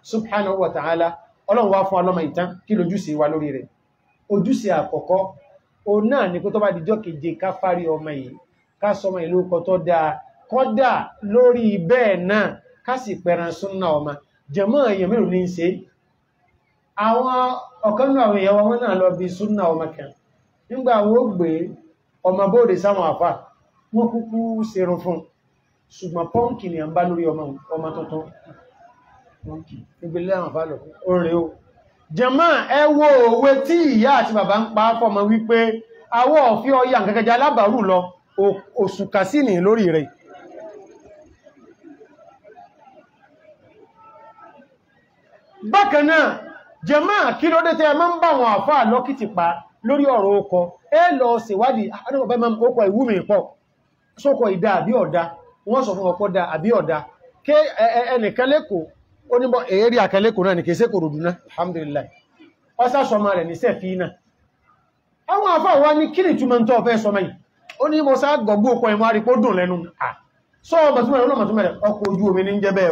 fi subhanahu wa ta'ala ọlọ́run wá fún ọlọ́mọ ìtàn kí lójú sí wa lórí rẹ̀ ojúṣe àkọ́kọ́ òun náà ni pé tó bá dijọ́ keje ká fárí ọmọ yìí ká sọmọ ìlú kan tó dáa kọ́dà lórí bẹ́ẹ̀ náà ká sì pẹran súnà ọmọ jẹ̀mọ́ èèyàn mélòó ní í ṣe àwọn ọ̀kan náà àwọn èèyàn wọn náà lọ bí súnà ọmọ kan nígbà wo gbé ọmọ bóde sáwọn àfà wọn kúkú ṣerun fún ṣùgbọ́n pọ́ǹkì ni à ń bá lórí ọmọ tuntun ìgbélé àwọn àfà lọ orin o jẹmọ́ ẹ wo òwe tí ìyá àti bàbá ń pa fọ́mọ wípé awọ́ ọ̀fí ọya nkẹ́kẹ́jẹ́ alábàárù lọ òṣùkà sí ní lórí rẹ̀ bákanáà jẹmọ́ kí ló dé tẹ́ ẹ máa ń bá wọn àfá lọ́kìtì pa lórí ọ̀rọ̀ ọkọ̀ ẹ lọ ṣèwádìí ah, ẹnìkan lẹ́kọ̀ọ́ ó níbọ̀ èérí àkẹlẹ́kò náà ní kèsé kò rò dúná alhamdulillah pásá sọmọ rẹ̀ ní sẹ́fì náà àwọn àfáà ní kí ni túnmọ̀ tó ọ̀fẹ́ sọmọ yìí ó ní mo sá gbọ̀gbọ́ ọkọ̀ ìmọ̀ àrípò dùn lẹ́nu sọ ọmọtúnmọ̀ rẹ̀ ọmọtúnmọ̀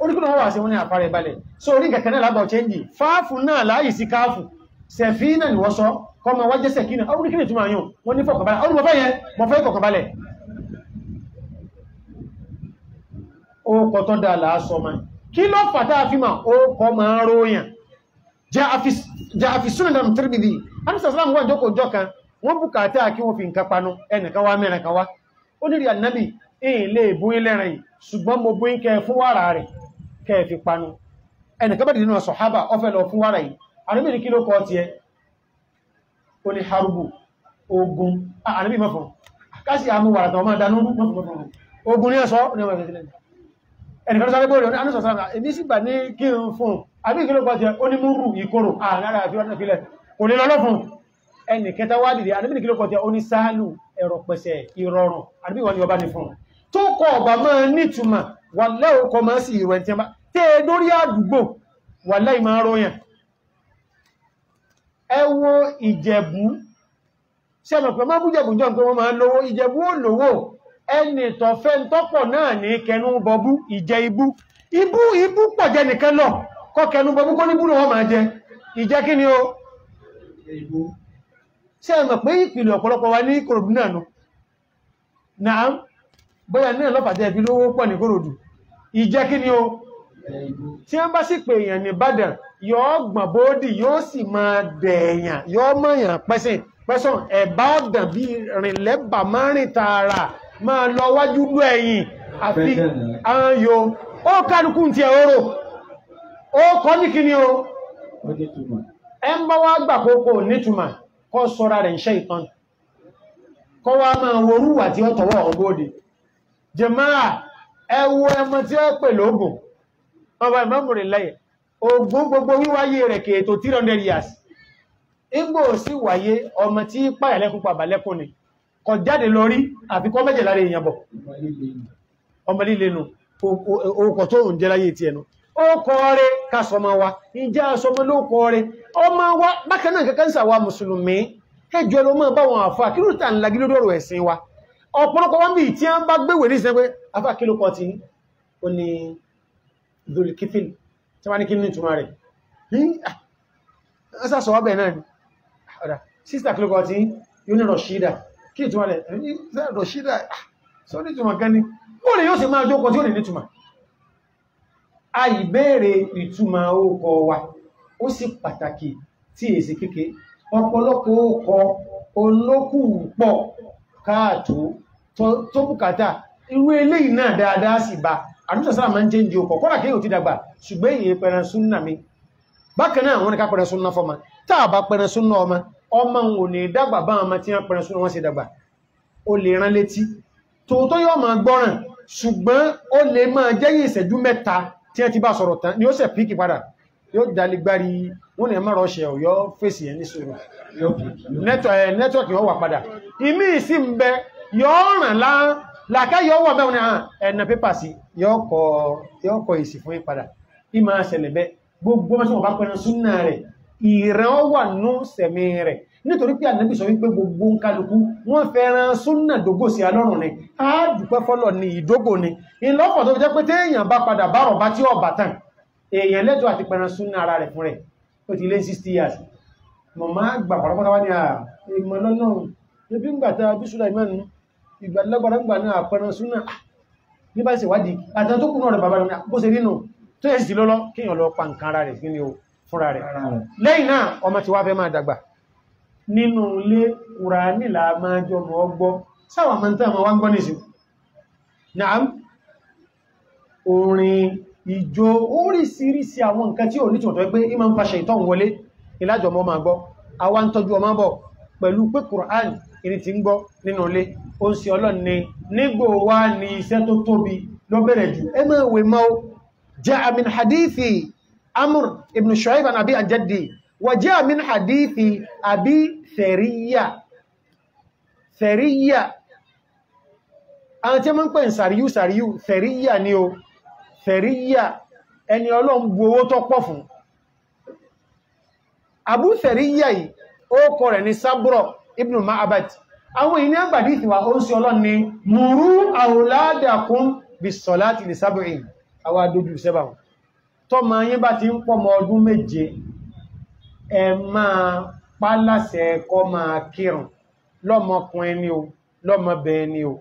o oníkùnà wà sí wọn ní àfárẹ̀ balẹ̀ so orí kẹ̀kẹ́ náà lágbà ọ̀chẹ́njì fáàfù náà láàyè sí káàfù sẹ̀fí náà ni wọ́n sọ kọmọ wájẹ́sẹ̀ kí náà orí kí ni túnmọ̀ yàn wọ́n ókọ tó dá láàsọ ma kí ló fàtà fi ma ókọ ma ń ròyàn jẹ́ àfisúnà dàm Tirmidhi anúsàsílámù wọ́n jókòó jọ kan wọ́n bùkátà kí wọ́n fi nǹkan panu ẹnìkan wá mẹ́rin kan wá ó nírí ànábì ìyìn lè bú ilẹ̀rìn ṣùgbọ́n mo bú ń kẹ fún wàrà rẹ̀ kẹ fi panu ẹnìkan bẹ̀rẹ̀ nínú sàhábà ọfẹ́ lọ ogun ah, ànábì mọ́fún kásì àmú wàrà tán ọmọ danú mọ́fún ogun ní ẹ̀sọ́ ní ọmọ ìfẹ́sílẹ̀ ẹnìkan sáré bóòrè ọ̀nà àmìsọ̀sára èmi sì bà ní kí n fún àbí ìkìlọ̀ pàtí onímúrù ìkorò àrárá àfi wọ́n fílẹ̀ kò lè lọ́lọ́ fún ẹnì kẹta wá dìde àbí ìkìlọ̀ pàtí oní sáàlù ẹ̀rọ pẹ̀sẹ̀ ìrọ̀rùn àbí ìwọ̀n ni ọba ní fún tó kọ ọba máa nítumà wà lẹ́ọ̀kọ́ máa sì ìwẹ̀ tí tẹ́ ẹ lórí àdúgbò wà láì ẹni tọ̀fẹ́ tọ́pọ̀ náà ní kẹnu bọbú ìjẹ ibú ibú ibú pọ̀ jẹ nìkan lọ kọ́ kẹnu bọbú kọ́ níbú lọ́wọ́ máa jẹ ìjẹ kí ni o ṣe ẹ̀mọ̀ pé ìpìlẹ̀ ọ̀pọ̀lọpọ̀ wa ní kòròdú náà nù náà bóyá lówó pọ̀ ní kòròdú ìjẹ kí ni o tí wọ́n bá sì pè èèyàn ní Ìbàdàn yóò gbọ̀n bóódì yóò sì máa yóò pẹ́sàn ẹ̀bá ọ̀dàn bíi máa lọ wájú lú ẹ̀yìn àti àwọn yóò ó kálukú ti ẹ̀ oró ó kọ́ ní kí o ẹ ń bá wá gbà kókó nítumà kọ́ sọ́ra rẹ̀ ṣe ìtàn kọ́ wá máa worúwà tí ó tọwọ́ ọgbóde jẹmáà ẹ ẹmọ tí ó pè lóògùn ọba ìmọ̀mùrìn years igbó wáyé ọmọ tí kọ jáde lọ rí àfi kọ́ mẹ́jẹ̀ láre èèyàn bọ̀ ọmọ líle nù orúkọ tó ń jẹ́ láyé ti ẹnu ó kọ́ rẹ̀ kásọmọ wa ìjẹ́ asọmọ ló kọ́ rẹ̀ ọmọ wa bákan náà kankan sà wa mùsùlùmí ẹjọ́ ló máa báwọn àfọ àkírò tà ń lagídó dọ̀rọ̀ ẹ̀sìn wa ọ̀pọ̀lọpọ̀ wọn bí tí a ń bá gbéwèé ní sẹ́pẹ́ afá kí ló kọ́ ti ó ní dùlkifil tí wọ́n ní kí ní ìtumọ̀ rẹ̀ ní ẹ́sà ah, sọ̀wọ́bẹ̀ náà ni sísà kí ló kọ́ ti yóò ní rọ̀ṣídà kí ìtumọ̀ rẹ̀ ẹ̀yìn sẹ́ẹ̀dọ̀ ṣídà sọ ah, ní ìtumọ̀ kan ní kó lè yóò sì máa jókòó tí ó lè ní ìtumọ̀ a ìbéèrè ìtumọ̀ orúkọ wa ó sì pàtàkì tí èsì kéke ọ̀pọ̀lọpọ̀ orúkọ olókù pọ̀ káàtó tó bùkátà irú eléyìí náà dáadáa sì bá àdúgbò sára máa ń jẹ́ ìjì ọkọ̀ kọ́nà kéèyàn ti dàgbà ṣùgbọ́n èyí pẹran súnnà mi bákan náà wọ́n ní ká súnnà fọ́mọ tá bá pẹran súnnà ọmọ ọmọ ò ní dàgbà bá ọmọ tí wọ́n pẹ̀rẹ̀ súnú wọ́n ṣe dàgbà ó lè rán létí tòótọ́ yóò máa gbọ́ràn ṣùgbọ́n ó lè máa jẹ́yìn ìṣẹ́jú mẹ́ta tí wọ́n ti bá sọ̀rọ̀ tán ni ó sẹ̀ píkì padà yóò dalí gbárí wọ́n ní ẹ má rọ́ṣẹ́ ọ̀yọ́ fèsì ẹ̀ ní sòrò nẹ́tọ̀ọ̀kì wọ́n wà padà ìmí ìsì ń bẹ yóò ràn lá làkà yóò wọ̀ bẹ́ẹ̀ ah, ẹ̀nà pépà sí yóò kọ èsì fún yín padà ìmọ̀ àṣẹlẹ̀ bẹ́ẹ̀ gbogbo mọ́sán ọba pẹ̀lú súnà rẹ̀ ìran wà nú sẹ̀mí rẹ̀ nítorí pé ànábì sọ wípé gbogbo nkálukú wọ́n fẹ́ràn súnà dógò sí alọ́rùn ni a dùpẹ́ fọ́lọ̀ ní ìdógò ni ìlọ́pọ̀ tó jẹ́ pé téèyàn bá padà bá rọ̀bá tí ọ̀bà tàn èèyàn lẹ́tọ̀ọ́ àti pẹran súnà ara rẹ̀ fún rẹ̀ ó ti lé 60 years mọ̀má gbà pọ̀lọpọ̀ta wá ní à ìmọ̀ lọ́nà níbi ń gbàtà bí súnà ìmọ̀ nù ìgbà lágbàrá gbà náà pẹran súnà ní ah, bá ṣèwádìí àtàtúkù náà rẹ̀ bàbá rẹ̀ bó ṣe rí nù tó yẹ sí lọ́lọ́ kéèyàn lọ pa nǹkan ara rẹ̀ sí ni o fúnra rẹ̀. lẹ́yìn náà ọmọ tí wá fẹ́ máa dàgbà nínú ilé kùrà nílà máa jọ mọ́ ọgbọ́ sáwà máa ń tẹ́ ọmọ wá ń gbọ́ nìsí naam orin ìjó oríṣiríṣi àwọn nǹkan tí ò ní tòótọ́ pé ìmọ̀ ń paṣẹ ìtọ́ wọlé ìlájọ mọ́ máa gbọ́ ni nígbò wá ní iṣẹ́ tó tóbi hadithi amur ibn shu'aib an abi an jaddi wa jaa min hadithi abi theriya theriya an tí a máa ń pè ní sàríyù sàríyù theriya ni o theriya ẹni ọlọ́run bu owó tó pọ̀ fún abu theriya yìí ó kọ rẹ̀ ní sábúrọ̀ ibn ma'abat àwọn ìní àgbàdìsì wà ó ń sí ọlọ́run ni muru auladakum bis salati li sab'in àwọn adójú sẹ́bàwọn tọ́mọ yín bá ti ń pọ̀mọ ọdún méje ẹ máa pálàṣẹ kọ́ máa kírun lọ́mọkùnrin ni o lọ́mọbìnrin ni o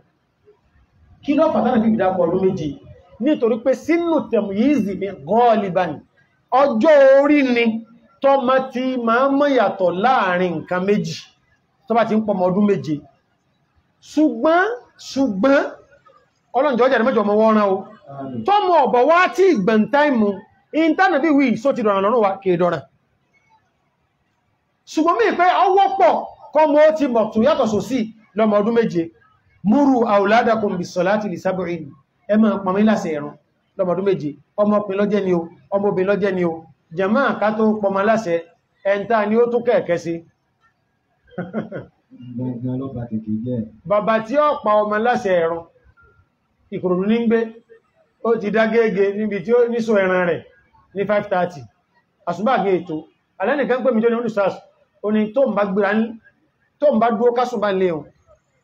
kí ló pàtàkì bíbí dápọ̀ ọdún méje nítorí pé sínú tẹ̀mù yìí zì ní gọ́ọ̀lìbàní ọjọ́ orí ni tọ́mọ ti máa mọ̀ yàtọ̀ láàrin nǹkan méjì tó bá ti ń pọ̀mọ ọdún méje ṣùgbọ́n ṣùgbọ́n ọlọ́njọ́ jẹ́ mẹ́jọ ọmọ wọ́n rán o tọ́mọ ọ̀bọ̀ wá tí ìgbẹ̀ntáìmù ìntánàbí wí só ti dọ̀rọ̀ lọ́rùn wa kìí dọ̀rọ̀ ṣùgbọ́n mí pé ọwọ́ pọ̀ kọ́ mọ́ ti mọ̀ tún yàtọ̀ sọ sí lọ́mọ ọdún méje múrù àwòládàkùn bí sọ̀láti lè sábìrin ẹ máa pọ̀mí láṣẹ ẹ̀rùn lọ́mọ ọdún méje ọmọkùnrin lọ́jẹ́ ni o ọmọbìnrin lọ́jẹ́ ni o jẹ̀mọ́ àká tó pọmọ láṣẹ ẹ̀ntà ni ó tún ìkòròdú ní gbé ó ti dá gẹ́gẹ́ níbi tí ó níṣò ẹran rẹ̀ ní 5:30 àṣùbáàgé ètò alẹ́nìkan pè mí ní olùsàs o ni tó ń bá gbìra ní tó ń bá dúó kásùbá lè hùn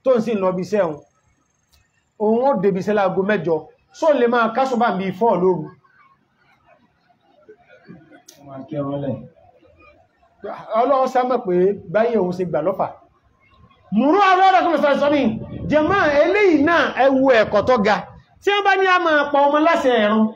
tó ń sì lọ bí iṣẹ́ hùn òun ó dèbí iṣẹ́ láago mẹ́jọ só lè máa kásùbá bí fọ́ lóru ọlọ́run sámọ̀ pé báyìí òun ṣe gbà lọ́fà múrú àwọn ọ̀rọ̀ kọmọ̀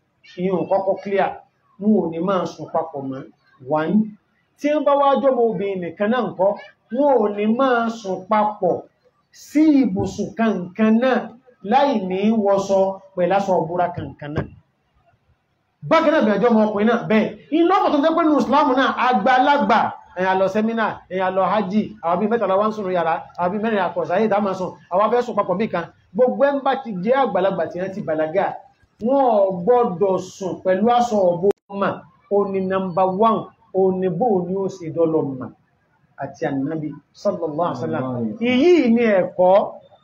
ìyẹn ò kọ́kọ́ clear wọn ò ní máa sùn papọ̀ mọ́ wáyé tí wọ́n bá wá jọmọ obìnrin nìkan náà ńkọ́ wọn ò ní máa sùn papọ̀ sí ibùsùn kankan náà láì ní wọṣọ pẹ̀láṣọ ọ̀búra kankan náà bákan náà bẹ̀rẹ̀ jọmọ ọkùnrin náà bẹ́ẹ̀ ìlọ́pọ̀ tó jẹ́ pé ní ìsìláàmù náà àgbàlagbà ẹ̀yà lọ sẹ́mínà ẹ̀yà lọ hajj àwọn bí mẹ́tàlá wá ń sùn yàrá àwọn bí mẹ́rin àkọ̀ọ̀sáyé ìdámasùn àwọn afẹ́ sùn papọ̀ bí kan gbogbo ẹ̀ ń bá ti jẹ́ àgbàlagbà tí wọ́n ti bàlágà wọn ò gbọ́dọ̀ sùn pẹ̀lú aṣọ ọ̀bọ ọmọ òní nàmbà wán òní bó ní ó sì dọ́lọ̀ mà àti ànábì sallallahu alaihi wasallam èyí ni ẹ̀kọ́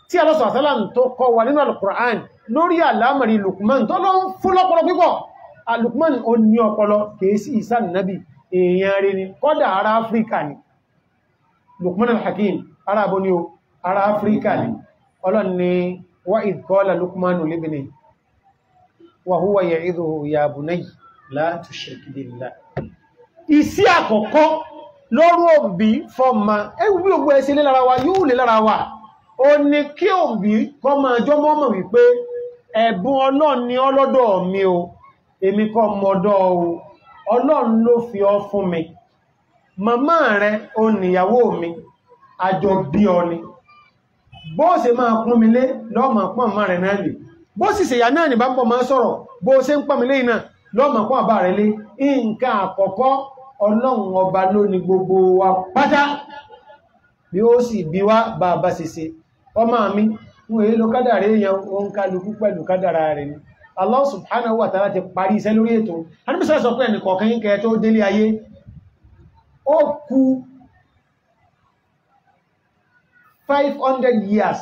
tí alọ́sọ̀ àsálà ń tó kọ́ wa nínú alukur'an lórí àlámàrí lukman tó lọ ń fún lọ́pọlọ pípọ̀ alukman ó ní ọpọlọ kìí sí nàbì èèyàn rẹ̀ ni kọ́dà ara áfríkà ni lukman al-hakim ara abónío ara áfríkà ni ọlọ́ni wa idh Lukman lukmanu libni wàhúwà yẹ ìdò ìyàbùnà yìí láti ṣèkìdì ńlá. Ìsí àkọ́kọ́ lọ́rú òbí fọ́mà ẹgbẹ́ ògbò ẹsẹ̀ lé lára wa yóò lé lára wa. Ó ní kí òbí kọ́ máa jọ mọ́mọ̀ wípé ẹ̀bùn ọlọ́run ni ọlọ́dọ̀ mi o, èmi kọ́ mọ́dọ̀ o, ọlọ́run ló fi ọ fún mi. Màmá rẹ̀ ó níyàwó mi, àjọ bí ọ ni. Bó ṣe máa pọ́n mi lé lọ́mọ̀ pọ́n mọ́ rẹ̀ náà lè. bó sì ṣèyà náà ní bá ń bọ̀ máa sọ̀rọ̀ bó ṣe ń pàmílé iná lọ́mọ̀ àbá rẹ̀ lé nǹkan àkọ́kọ́ ọlọ́run ọba ló gbogbo wa pátá bí ó sì bí wá bá bá ṣe ṣe ọmọ mi wọn èyí ló kádàrá èèyàn òun kálukú pẹ̀lú kádàrá rẹ̀ ni ti parí iṣẹ́ years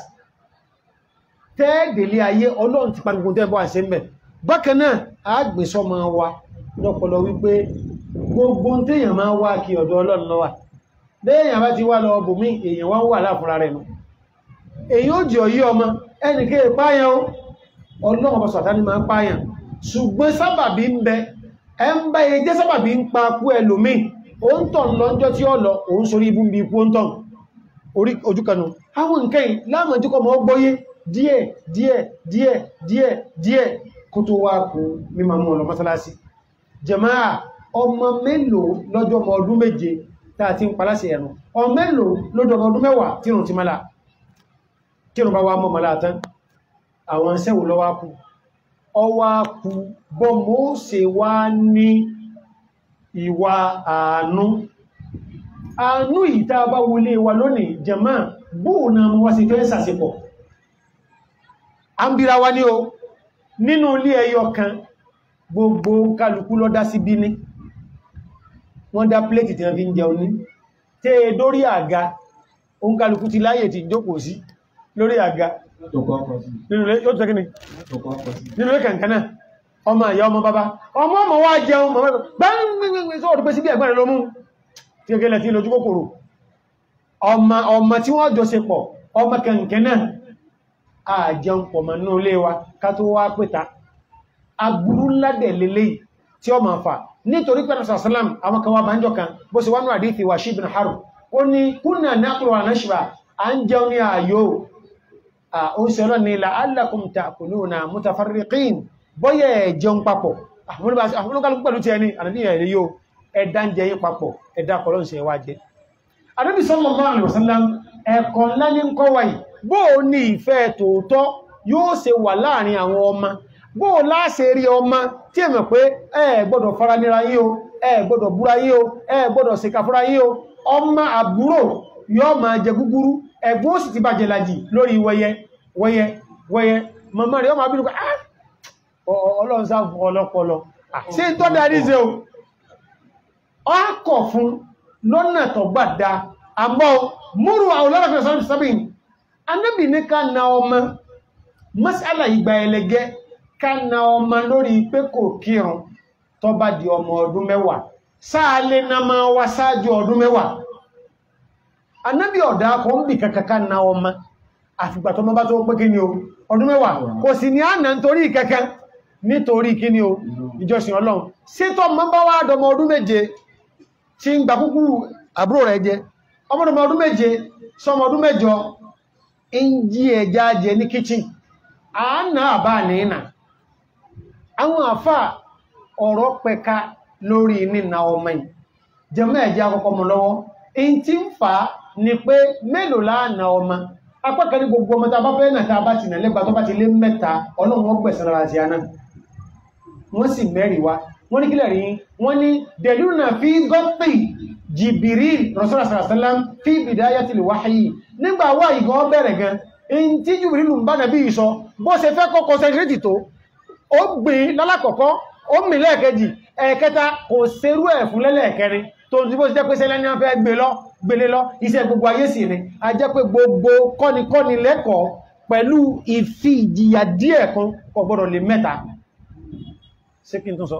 tẹ́ẹ̀dẹ̀lé ayé ọlọ́run ti pàdùkù tẹ́ẹ̀bọ́ àṣẹ mẹ́ bákanáà àgbèsọ ma wá lọ́pọ̀lọ́ wípé gbogbo tẹ́yàn máa wá kí ọ̀dọ̀ ọlọ́run lọ́wà lẹ́yìn ti wá lọ bùnmí èèyàn wá wà láàfúnra rẹ̀ nù ọmọ ẹnìké ó ọlọ́run sábàbí ń bẹ ẹ sábàbí ń pa kú ẹlòmíì ó ń tàn lọ́jọ́ tí ó lọ òun sorí ibú ń bi ikú díẹ̀ díẹ̀ díẹ̀ díẹ̀ díẹ̀ kó tó wá kú mímọ̀ mú ọ̀nà mọ́sálásí jàmáà ọmọ mélòó lọ́jọ́ ọmọ ọdún méje tàà tí ń paláṣẹ ẹ̀rùn ọmọ mélòó lọ́jọ́ ọmọ ọdún mẹ́wàá tírùn ti mọ́lá tírùn bá wá mọ́ mọ́lá tán àwọn ṣẹ́wò lọ́wá kú ọwá kú bọ́mọ́ ṣe wá ní ìwà àánú àánú ìta bá wọlé wa lónìí jàmáà bóò náà mo wá sí fẹ́ sàṣepọ̀ àmbíra wa ní o nínú ilé ẹyọ kan gbogbo kálukú lọ́dá sí bí ní wọ́n dá pléètì tí wọ́n fi ń jẹun ní tí è dórí àga o ń kálukú ti láyè ti jókòó sí lórí àga nínú ilé kankan náà ọmọ ìyá ọmọ bàbá ọmọ ọmọ wá jẹun mọ̀ mẹ́rin gbẹ́gbẹ́gbẹ́ sọ́wọ́ tó ọmọ tí wọ́n jọ ṣe ọmọ kẹ̀kẹ́ náà àjẹun pọ̀ mọ̀ ní wa ká tó wá pẹ́ta aburú ládẹ̀ lélẹ̀ tí ó máa fà nítorí pẹ̀lú sàṣálàm àwọn kan wá bá ń jọ kan bó sì wánú àdífì wà sí ibn haru ó ní kúnnà nákùrù ànáṣìbà à ń jẹun ní ààyò òṣèlú ní ilà alákùn tàkùnú na mutafarriqin sallallahu alaihi wasallam ẹ̀kọ́ ńlá ní bóò ní ìfẹ́ tòótọ́ yóò ṣe wà láàrin àwọn ọmọ bóò láṣẹ rí ọmọ tí èmọ̀ pé ẹ gbọ́dọ̀ faranira yí o ẹ gbọ́dọ̀ búra yí o ẹ gbọ́dọ̀ ṣèkà fúra yí o ọmọ àbúrò yóò máa jẹ gúgúrú ẹ̀gbọ́n ó sì ti bàjẹ́ làjì lórí wẹyẹ wẹyẹ wẹyẹ mọ̀mọ́ rẹ̀ ọmọ abínú pé ah ọlọ́run sá fún ọlọ́pọlọ ṣe ń tọ́ darí ṣe o ọkọ̀ fún lọ́nà tó anábì ní ká na ọmọ mọ́sálà ìgbà ẹlẹ́gẹ́ ká na ọmọ lórí pé kò kírun tó bá di ọmọ ọdún mẹ́wàá sáàlé na máa wá sáájú ọdún mẹ́wàá anábì ọ̀dá kò ń bì kankan ká na ọmọ àfìgbà tó mọ́ bá tó pé kí ni o ọdún mẹ́wàá kò sì ní àná nítorí kẹ́kẹ́ nítorí kí ni o ìjọsìn ọlọ́run sí tó mọ́ bá wá dọmọ ọdún méje tí ń gbà kúkú àbúrò rẹ̀ jẹ ọmọdọmọ ọdún méje sọmọ ọdún mẹ́jọ ń jí ẹja jẹ ní kíchìn na àbá na àwọn na ọ̀rọ̀ pẹ̀ka lórí nínà ọmọ yìí jẹmọ́ na ọma mọ̀ lọ́wọ́ in ti ń ni pé mélòó láàánà ọmọ apákan ní gbogbo ọmọ tá a bá a ti ti wọ́n ní kílẹ̀ rí wọ́n ní dẹ̀lúnà fi gọ́pì jìbìrí rọ̀sọ́rọ̀sọ́rọ̀sọ́lá fi bìdáyà ti lè wáyé nígbà wà ìgọ́ bẹ̀rẹ̀ gan in tí jùbìrí lù ń bá nàbí ìsọ bó ṣe fẹ́ kọ́kọ́ sẹ́gírẹ́tì tó ó gbìn e lálákọ̀ọ́kọ́ ó mì lẹ́ẹ̀kejì ẹ̀ẹ̀kẹta kò serú ẹ̀ fún lẹ́lẹ́ẹ̀kẹrin tó ti bó ṣe jẹ́ pé sẹ́lẹ̀ ní wọ́n fẹ́ gbé lọ gbélé lọ iṣẹ́ gbogbo ayé sì ni a jẹ́ pé gbogbo kọ́nikọ́ni lẹ́kọ̀ọ́ pẹ̀lú ìfi ìjìyà díẹ̀ kan kò gbọ́dọ̀ lè mẹ́ta ṣé kí n tún sọ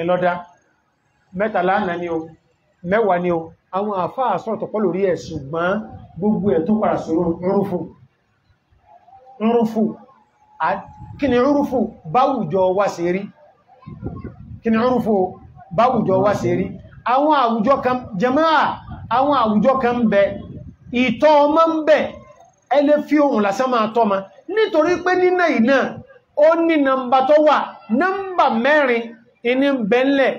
ìlọ́dá mẹ́tàlá ni o mẹ́wàá ni o àwọn àfáà sọ̀rọ̀ tọ̀pọ̀ lórí ẹ̀ ṣùgbọ́n gbogbo ẹ̀ tó padà sọ̀rọ̀ rúrúfù rúrúfù kí ni rúrúfù báwùjọ wá sí rí kí ni rúrúfù báwùjọ wá rí àwọn àwùjọ kan àwọn àwùjọ kan bẹ iní ń bẹ́ńlẹ̀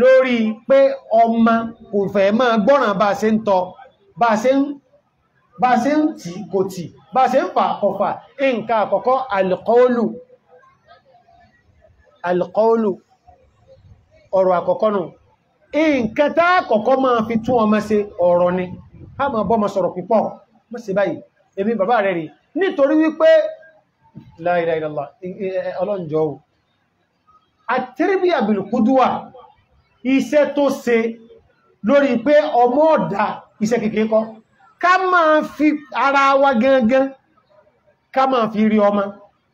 lórí pé ọmọ kò fẹ́ máa gbọ́ràn bá ṣe ń tọ bá ṣe ń tí kò tí bá ṣe ń fà kọfà nǹkan àkọ́kọ́ alkọ́ọ̀lù alkọ́ọ̀lù ọ̀rọ̀ àkọ́kọ́ nù nǹkan tá àkọ́kọ́ máa fi tún ọmọ ṣe ọ̀rọ̀ ni a máa bọ́ ma sọ̀rọ̀ pípọ̀ mọ́ sí báyìí la ilaha àtẹ́rẹ́bí àbìlùkúdúwà iṣẹ́ tó ṣe lórí pé ọmọ ọ̀dá iṣẹ́ kékeré kọ́ ká máa fi ara wa gangan ká máa fi rí ọmọ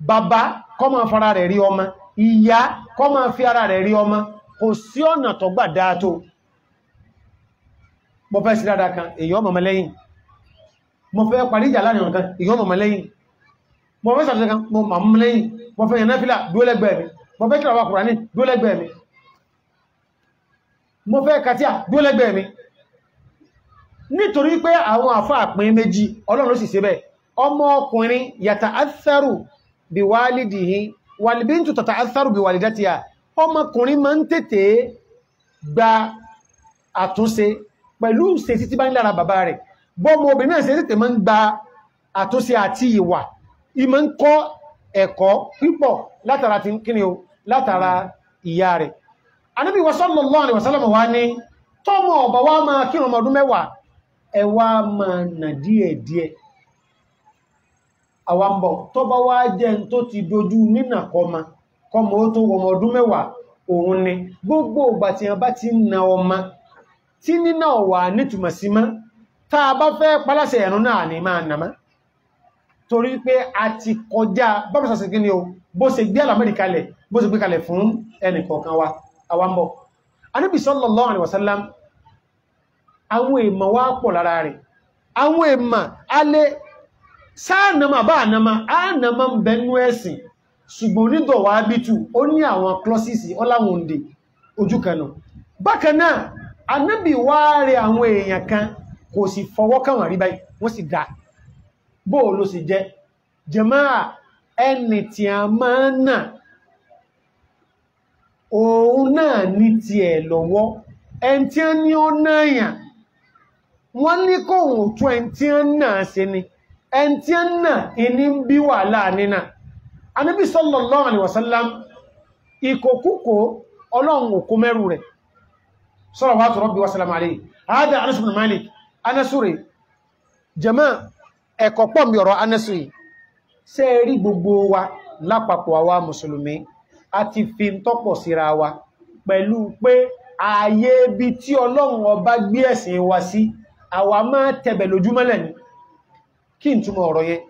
bàbá kọ́ máa fara rẹ̀ rí ọmọ ìyá kọ́ máa fi ara rẹ̀ rí ọmọ kò sí ọ̀nà tó gbà dáa tó mo fẹ́ sí dáadáa kan èyàn ọmọ mẹ́lẹ́yìn mo fẹ́ parí ìjà láàrin ọ̀kan èyàn ọmọ mẹ́lẹ́yìn mo fẹ́ sàtẹ́kan mo mọ̀ mẹ́lẹ́yìn mo fẹ́ yẹn náà fílà dúólẹ́gbẹ̀ẹ́ mi mo fẹ́ kíra wa Kùránì dúó lẹ́gbẹ̀ẹ́ mi mo fẹ́ katia dúó lẹ́gbẹ̀ẹ́ mi nítorí pé àwọn àfá àpín méjì Ọlọ́run ló sì ṣe bẹ́ẹ̀ ọmọ ọkùnrin yàtà atharu bí wàlìdìhí wàlìbíntù tàtà atharu bí wàlìdátìyà ọmọkùnrin máa ń tètè gba àtúnṣe pẹ̀lú ṣe títí bá ń lára bàbá rẹ̀ bọ́mọ obìnrin náà ṣe tètè máa ń ẹ̀kọ́ pípọ̀ látara ti kíni o látara ìyá rẹ̀ anábì sallallahu alaihi wasallam wá ní tọ́mọ̀ ọ̀bà wá máa kírun ọmọ ọdún mẹ́wàá ẹ wá máa nà díẹ̀díẹ̀ àwàmbọ̀ tó bá wá jẹ́ tó ti dojú nínà kọma kọmọ ó tó wọmọ ọdún mẹ́wàá òun ni gbogbo ìgbà tí a bá ti ń na ọma tí nínà ọ̀wà nítumọ̀ sí mọ́ tá a bá fẹ́ paláṣẹ ẹ̀rùn náà ní máa nàmá torí pé a ti kọjá bọ́bọ̀ sàṣẹ́ kí ni o bó ṣe gbé àlàmẹ́rì kalẹ̀ bó ṣe gbé kalẹ̀ fún ẹnìkọ̀ọ̀kan wa àwambọ̀. anábì sallallahu alaihi wasallam àwọn èèmọ̀ wá pọ̀ lára rẹ̀ àwọn èèmọ̀ alẹ́ sáànàmà bá ànàmà ànàmà ń bẹnú ẹ̀sìn ṣùgbọ́n onídọ̀ wá bítù ó ní àwọn klọ́sìsì ọláwọn òǹdè ojú kanáà bákan náà anábì wá rẹ̀ àwọn èèyàn kan kò sì fọwọ́ kàwọn rí wọ́n sì dáa bó ló sì jẹ́ jẹmáà ẹni tí a máa nà òun náà ní ti ẹ̀ lọ́wọ́ ẹni tí a ní ó náà wọ́n ní kóhùn òtún ẹni tí a náà sí ni ẹni tí a náà iní ń bí wàhálà nínà anábì sallallahu alaihi wasallam ìkòkúkò ọlọ́run òkú mẹ́rù rẹ̀ salawatu rabbi wa salam hada Anas Anasure jama'a ẹ̀kọ́ pọ̀ mi ọ̀rọ̀ anẹ́sù yìí rí gbogbo wa lápapọ̀ àwa mùsùlùmí a ti fi ń tọ́pọ̀ wa pẹ̀lú pé ààyè ibi tí ọlọ́run ọba gbé ẹ̀sìn wa sí àwa máa tẹ̀bẹ̀ lójúmọ́lẹ̀ ni kí n túmọ̀ ọ̀rọ̀ yẹn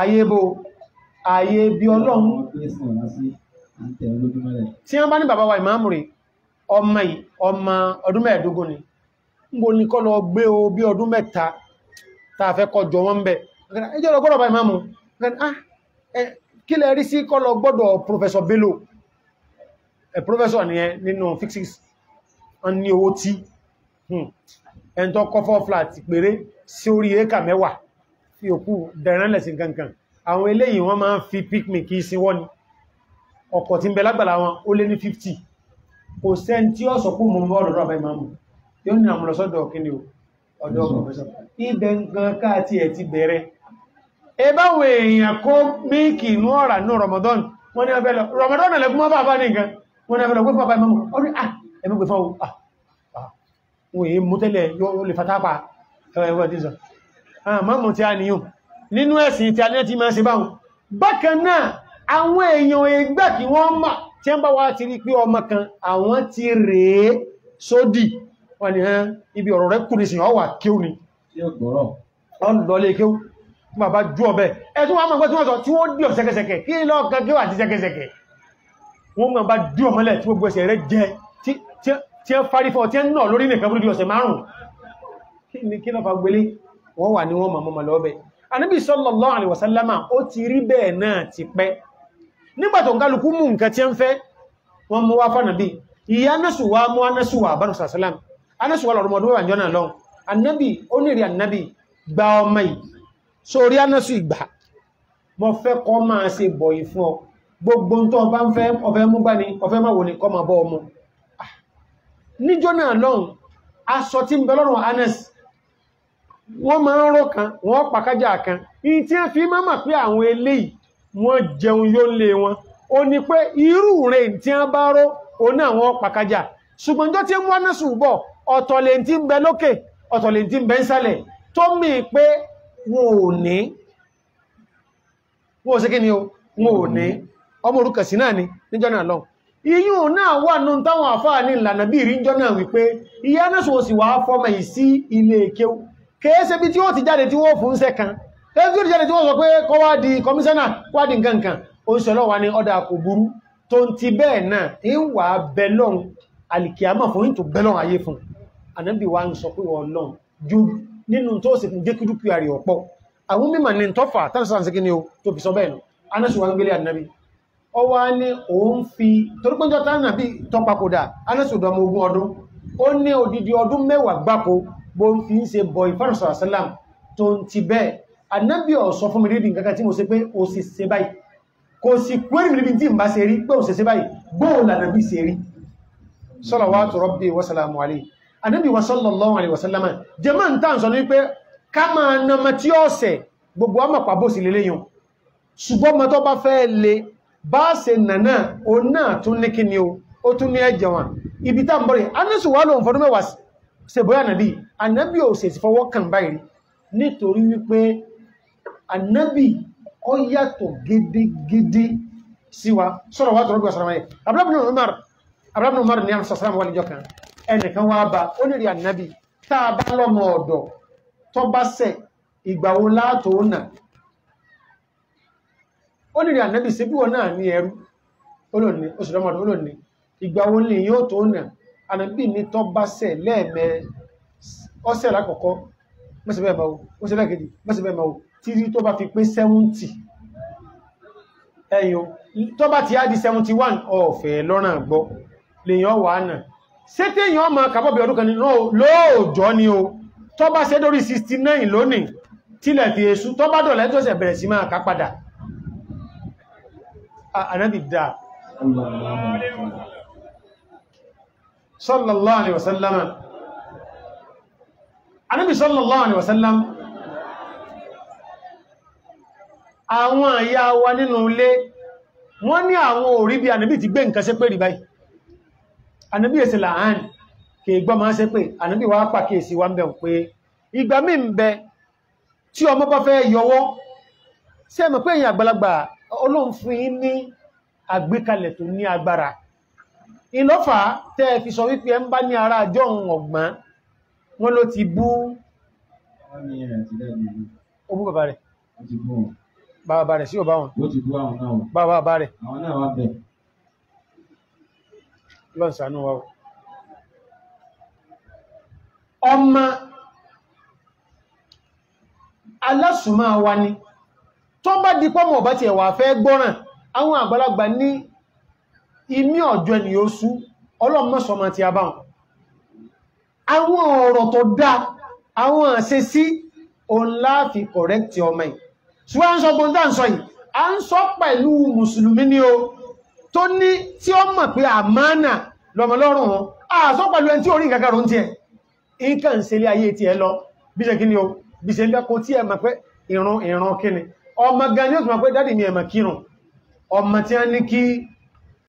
ààyè bo ààyè wa ọmọ ọdún tàà fẹ́ kọjọ wọn bẹ̀ ẹjọ́ ah, lọ gbọ́dọ̀ bá ìmáàmù ah, kí lẹ rí sí kọlọ gbọ́dọ̀ professor Bello ẹ̀ professor ni ẹ nínú physics wọ́n ní owó tí hmm, ẹn tó kọ́ fọ́ flat péré sí orí éka mẹ́wàá fi òkú dẹ̀rẹ́lẹ̀ sí kankan àwọn eléyìí wọ́n máa ń fi picnic kì í sí wọ́n ni ọkọ̀ tí ń bẹ lágbàlá wọn ó lé ní 50 kò sẹ́ni tí ó sọ pé mo mọ́ ọ̀dọ̀dọ̀ àbá ìmáàmù yóò ní àmúlọsọ́dọ̀ kí ni o ọ̀dọ̀ ibẹ̀ nǹkan káàtí ẹ̀ ti bẹ̀rẹ̀ ẹbáwọ̀ èèyàn kó míìkì inú ọ̀rà ní Ramadan wọ́n ní ọbẹ̀lọ Ramadan ẹ̀lẹ́kún mọ́ bàbá ní nǹkan wọ́n ní ọbẹ̀lọ gbẹ́fà báyìí mọ́mọ́ ọdún à ẹ̀mí gbẹ́fà wọ́n èyí mú tẹ́lẹ̀ yóò lè fatápa ẹwẹ́ dínsọ mọ́mọ́ tí a níyùn nínú ẹ̀sìn tí a ní ti máa ṣe báwọn bákan náà àwọn èèyàn ẹgbẹ́ kí wọ́n mọ̀ tí wọ́n ni ẹn ibi ọ̀rọ̀ rẹ̀ kùnrin sìn ọwà kí ó ní ọlọ́lé kí ó bàbá jú ọbẹ̀ ẹ̀tún wọ́n mọ̀ pẹ́ tí wọ́n sọ tí wọ́n dí ọ̀sẹ̀kẹsẹ̀kẹ̀ kí lọ́ọ̀kan kí wà ti sẹ́kẹsẹ̀kẹ̀ wọ́n mọ̀ bá dí ọmọlẹ̀ tí gbogbo ẹsẹ̀ rẹ̀ jẹ tí ẹ farifọ́ tí ẹ nà ni kí wọ́n wà ní wọ́n mọ̀ mọ̀ lọ́ọ̀bẹ̀ anábì sallallahu alaihi wasallama ó ti rí bẹ́ẹ̀ náà ti pẹ́ nígbà tó ń kálukú mú nǹkan tí ẹ ń fẹ́ wọ́n mú wá fánàbí ìyá nẹ́sù wá mú wá anásùwọ́lọ̀ ọmọdún wà jọ́nà lọ annabi ó nìrí annabi gba ọmọ yìí sórí anásù ìgbà mọ́ fẹ́ kọ́ máa ṣe bọ̀yì fún ọ gbogbo tó ọba ń fẹ́ ọfẹ́ mú bá ah. ní ọfẹ́ máa wò ní kọ́ máa bọ́ ọmọ níjọ́ náà lọ́n aṣọ tí ń bẹ lọ́rùn anas wọ́n máa ń rọ́ kan wọ́n pàkájà kan in tí a fi máa mà pé àwọn eléyìí wọ́n jẹun yóò lé wọn o ní pé irú rẹ̀ tí a bá rọ́ o náà wọ́n pàkájà ṣùgbọ́n jọ́ tí ń wá násù bọ̀ ọ̀tọ̀lẹ̀ntí ń bẹ lókè ọ̀tọ̀lẹ̀ntí ń bẹ ń sálẹ̀ tó mì pé wọn ò ní wọn ò sí kí ni o wọn ò ní ọmọ orúkẹ̀sí náà ni níjọ́ náà lọ́wọ́ iyún náà wà ní táwọn àfáà ní ìlànà bí ìrìnjọ́ náà wípé ìyá náà di kọmíṣánà wá di nǹkankan oṣìṣẹ́lọ́wà ní ọdá kò burú tó ń ti bẹ́ẹ̀ náà ń wà bẹ́lọ́n alìkìyàmọ̀ fún ìtò bẹ́lọ́n ayé fún anábì wa ń sọ pé wọ́n lọ́n ju nínú tó sì fún jẹ́kí dúkìá rẹ̀ ọ̀pọ̀ àwọn mímọ̀ ní tọ́fà tánṣán sí kíni o tó fi sọ bẹ́ẹ̀ nù anásù wọn gbélé anábì ọ wá ní òun fi torípéjọ tánàbí tọpakòdà anásù dọmọ ogún ọdún ó ní odidi ọdún mẹ́wàá gbáko bó ń fi ń ṣe bọ ìfàrùsọ̀ àṣálàm tó ń ti bẹ́ẹ̀ anábì ọ̀ sọ fún anábì wa sallallahu alaihi wasallam jẹmọ́ ń tàn sọ ní pé ká máa nàmà tí ó sẹ̀ gbogbo ọmọ pàbó sí lélé yun ṣùgbọ́n mọ́ tó bá fẹ́ le bá ṣe nànà o náà tún ni o ó tún ní ẹjẹ̀ wọn ibi tá ń bọ̀rẹ̀ anásù wà lóun fọdún mẹ́wàá ṣe bóyá nàbí fọwọ́ kàn báyìí nítorí wípé anábì ó yàtọ̀ gidigidi sí wa sọ́rọ̀ wá tọrọ bí wà sọ́rọ̀ mẹ́rin abúlábùnú Umar ní àwọn sàṣàràmù wà níjọ kan ẹnìkan wá bá ó lè rí ànábì tá a bá lọ́mọ ọ̀dọ̀ tó bá ṣẹ̀ ìgbà wo láàtò nà ó lè rí ànábì síbí wọn náà ní ẹrú olóòní oṣù lọ́mọdún olóòní ìgbà wo lè yóò tó nà ànábì ní tó bá ṣẹ̀ lẹ́ẹ̀mẹ ọ̀sẹ̀ lákọ̀ọ́kọ́ mọ́sẹ̀bẹ́ ẹ̀mọ́ oṣẹ̀ lẹ́ẹ̀kejì mọ́sẹ̀bẹ́ ẹ̀mọ́ tírí tó bá fi pé 70 ẹ̀yọ tó bá ti á di 71 ọ̀fẹ́ lọ́ràn gbọ́ lèyàn wà náà ṣé téèyàn ọmọ kàbọ̀bẹ̀ ọdún kan ní lóòjọ́ ni o tó bá ṣe dórí 69 lónìí tílẹ̀ fi èṣù tó bá dọ̀lẹ́ tó ṣẹ̀ bẹ̀rẹ̀ sí máa ká padà ànábì dá sallallahu alaihi wasallam ànábì sallallahu alaihi wasallam àwọn àyà wa nínú ilé wọ́n ní àwọn òrí bí ànábì ti gbé nǹkan ṣe pé rí báyìí ànábì èsì làán kì í gbọ́ máa ṣe pé ànábì wá pàkíyèsí wá ń bẹ̀ pé ìgbà mí ń bẹ tí ọmọ bá fẹ́ yọwọ́ sí ẹ̀mọ̀ pé èyàn àgbàlagbà Ọlọ́run fún yín ní àgbékalẹ̀ tó ní agbára ìlọ́fà tẹ́ fi sọ wípé ẹ ń bá ní ara àjọ ohun ọ̀gbọ́n wọn ló ti bú bàbá rẹ̀ sí ọba wọn bàbá rẹ̀ lọ́sànú wa ọmọ alásùmọ́ wa ni tó bá di pọ́mọ̀ ọ̀bá ti ẹ̀wà fẹ́ gbọ́ràn àwọn àgbàlagbà ní imí ọ̀jọ́ ẹni yóò sú ọlọ́mọ́sọmọ ti abáhùn àwọn ọ̀rọ̀ tó dá àwọn àṣẹ sí òun láàfi kọ̀rẹ́kì ọmọ yìí ṣùgbọ́n sọ gbọ́ndà ń sọ yìí a ń pẹ̀lú mùsùlùmí ni o tó ní tí ó mọ̀ pé àmánà lọ́mọlọ́rùn wọn àṣọ pẹ̀lú ẹni tí orí ìgagà rún tí ẹ̀ nǹkan ń ṣẹlẹ̀ ayé tí ẹ lọ bí ṣe kíni o bí ṣe lẹ́kọ tí ẹ mọ̀ pé ìrun ìrun kíni ọmọ gan ni ó sì mọ̀ pé dádì mi ẹ̀mọ̀ kírun ọmọ tí a ní kí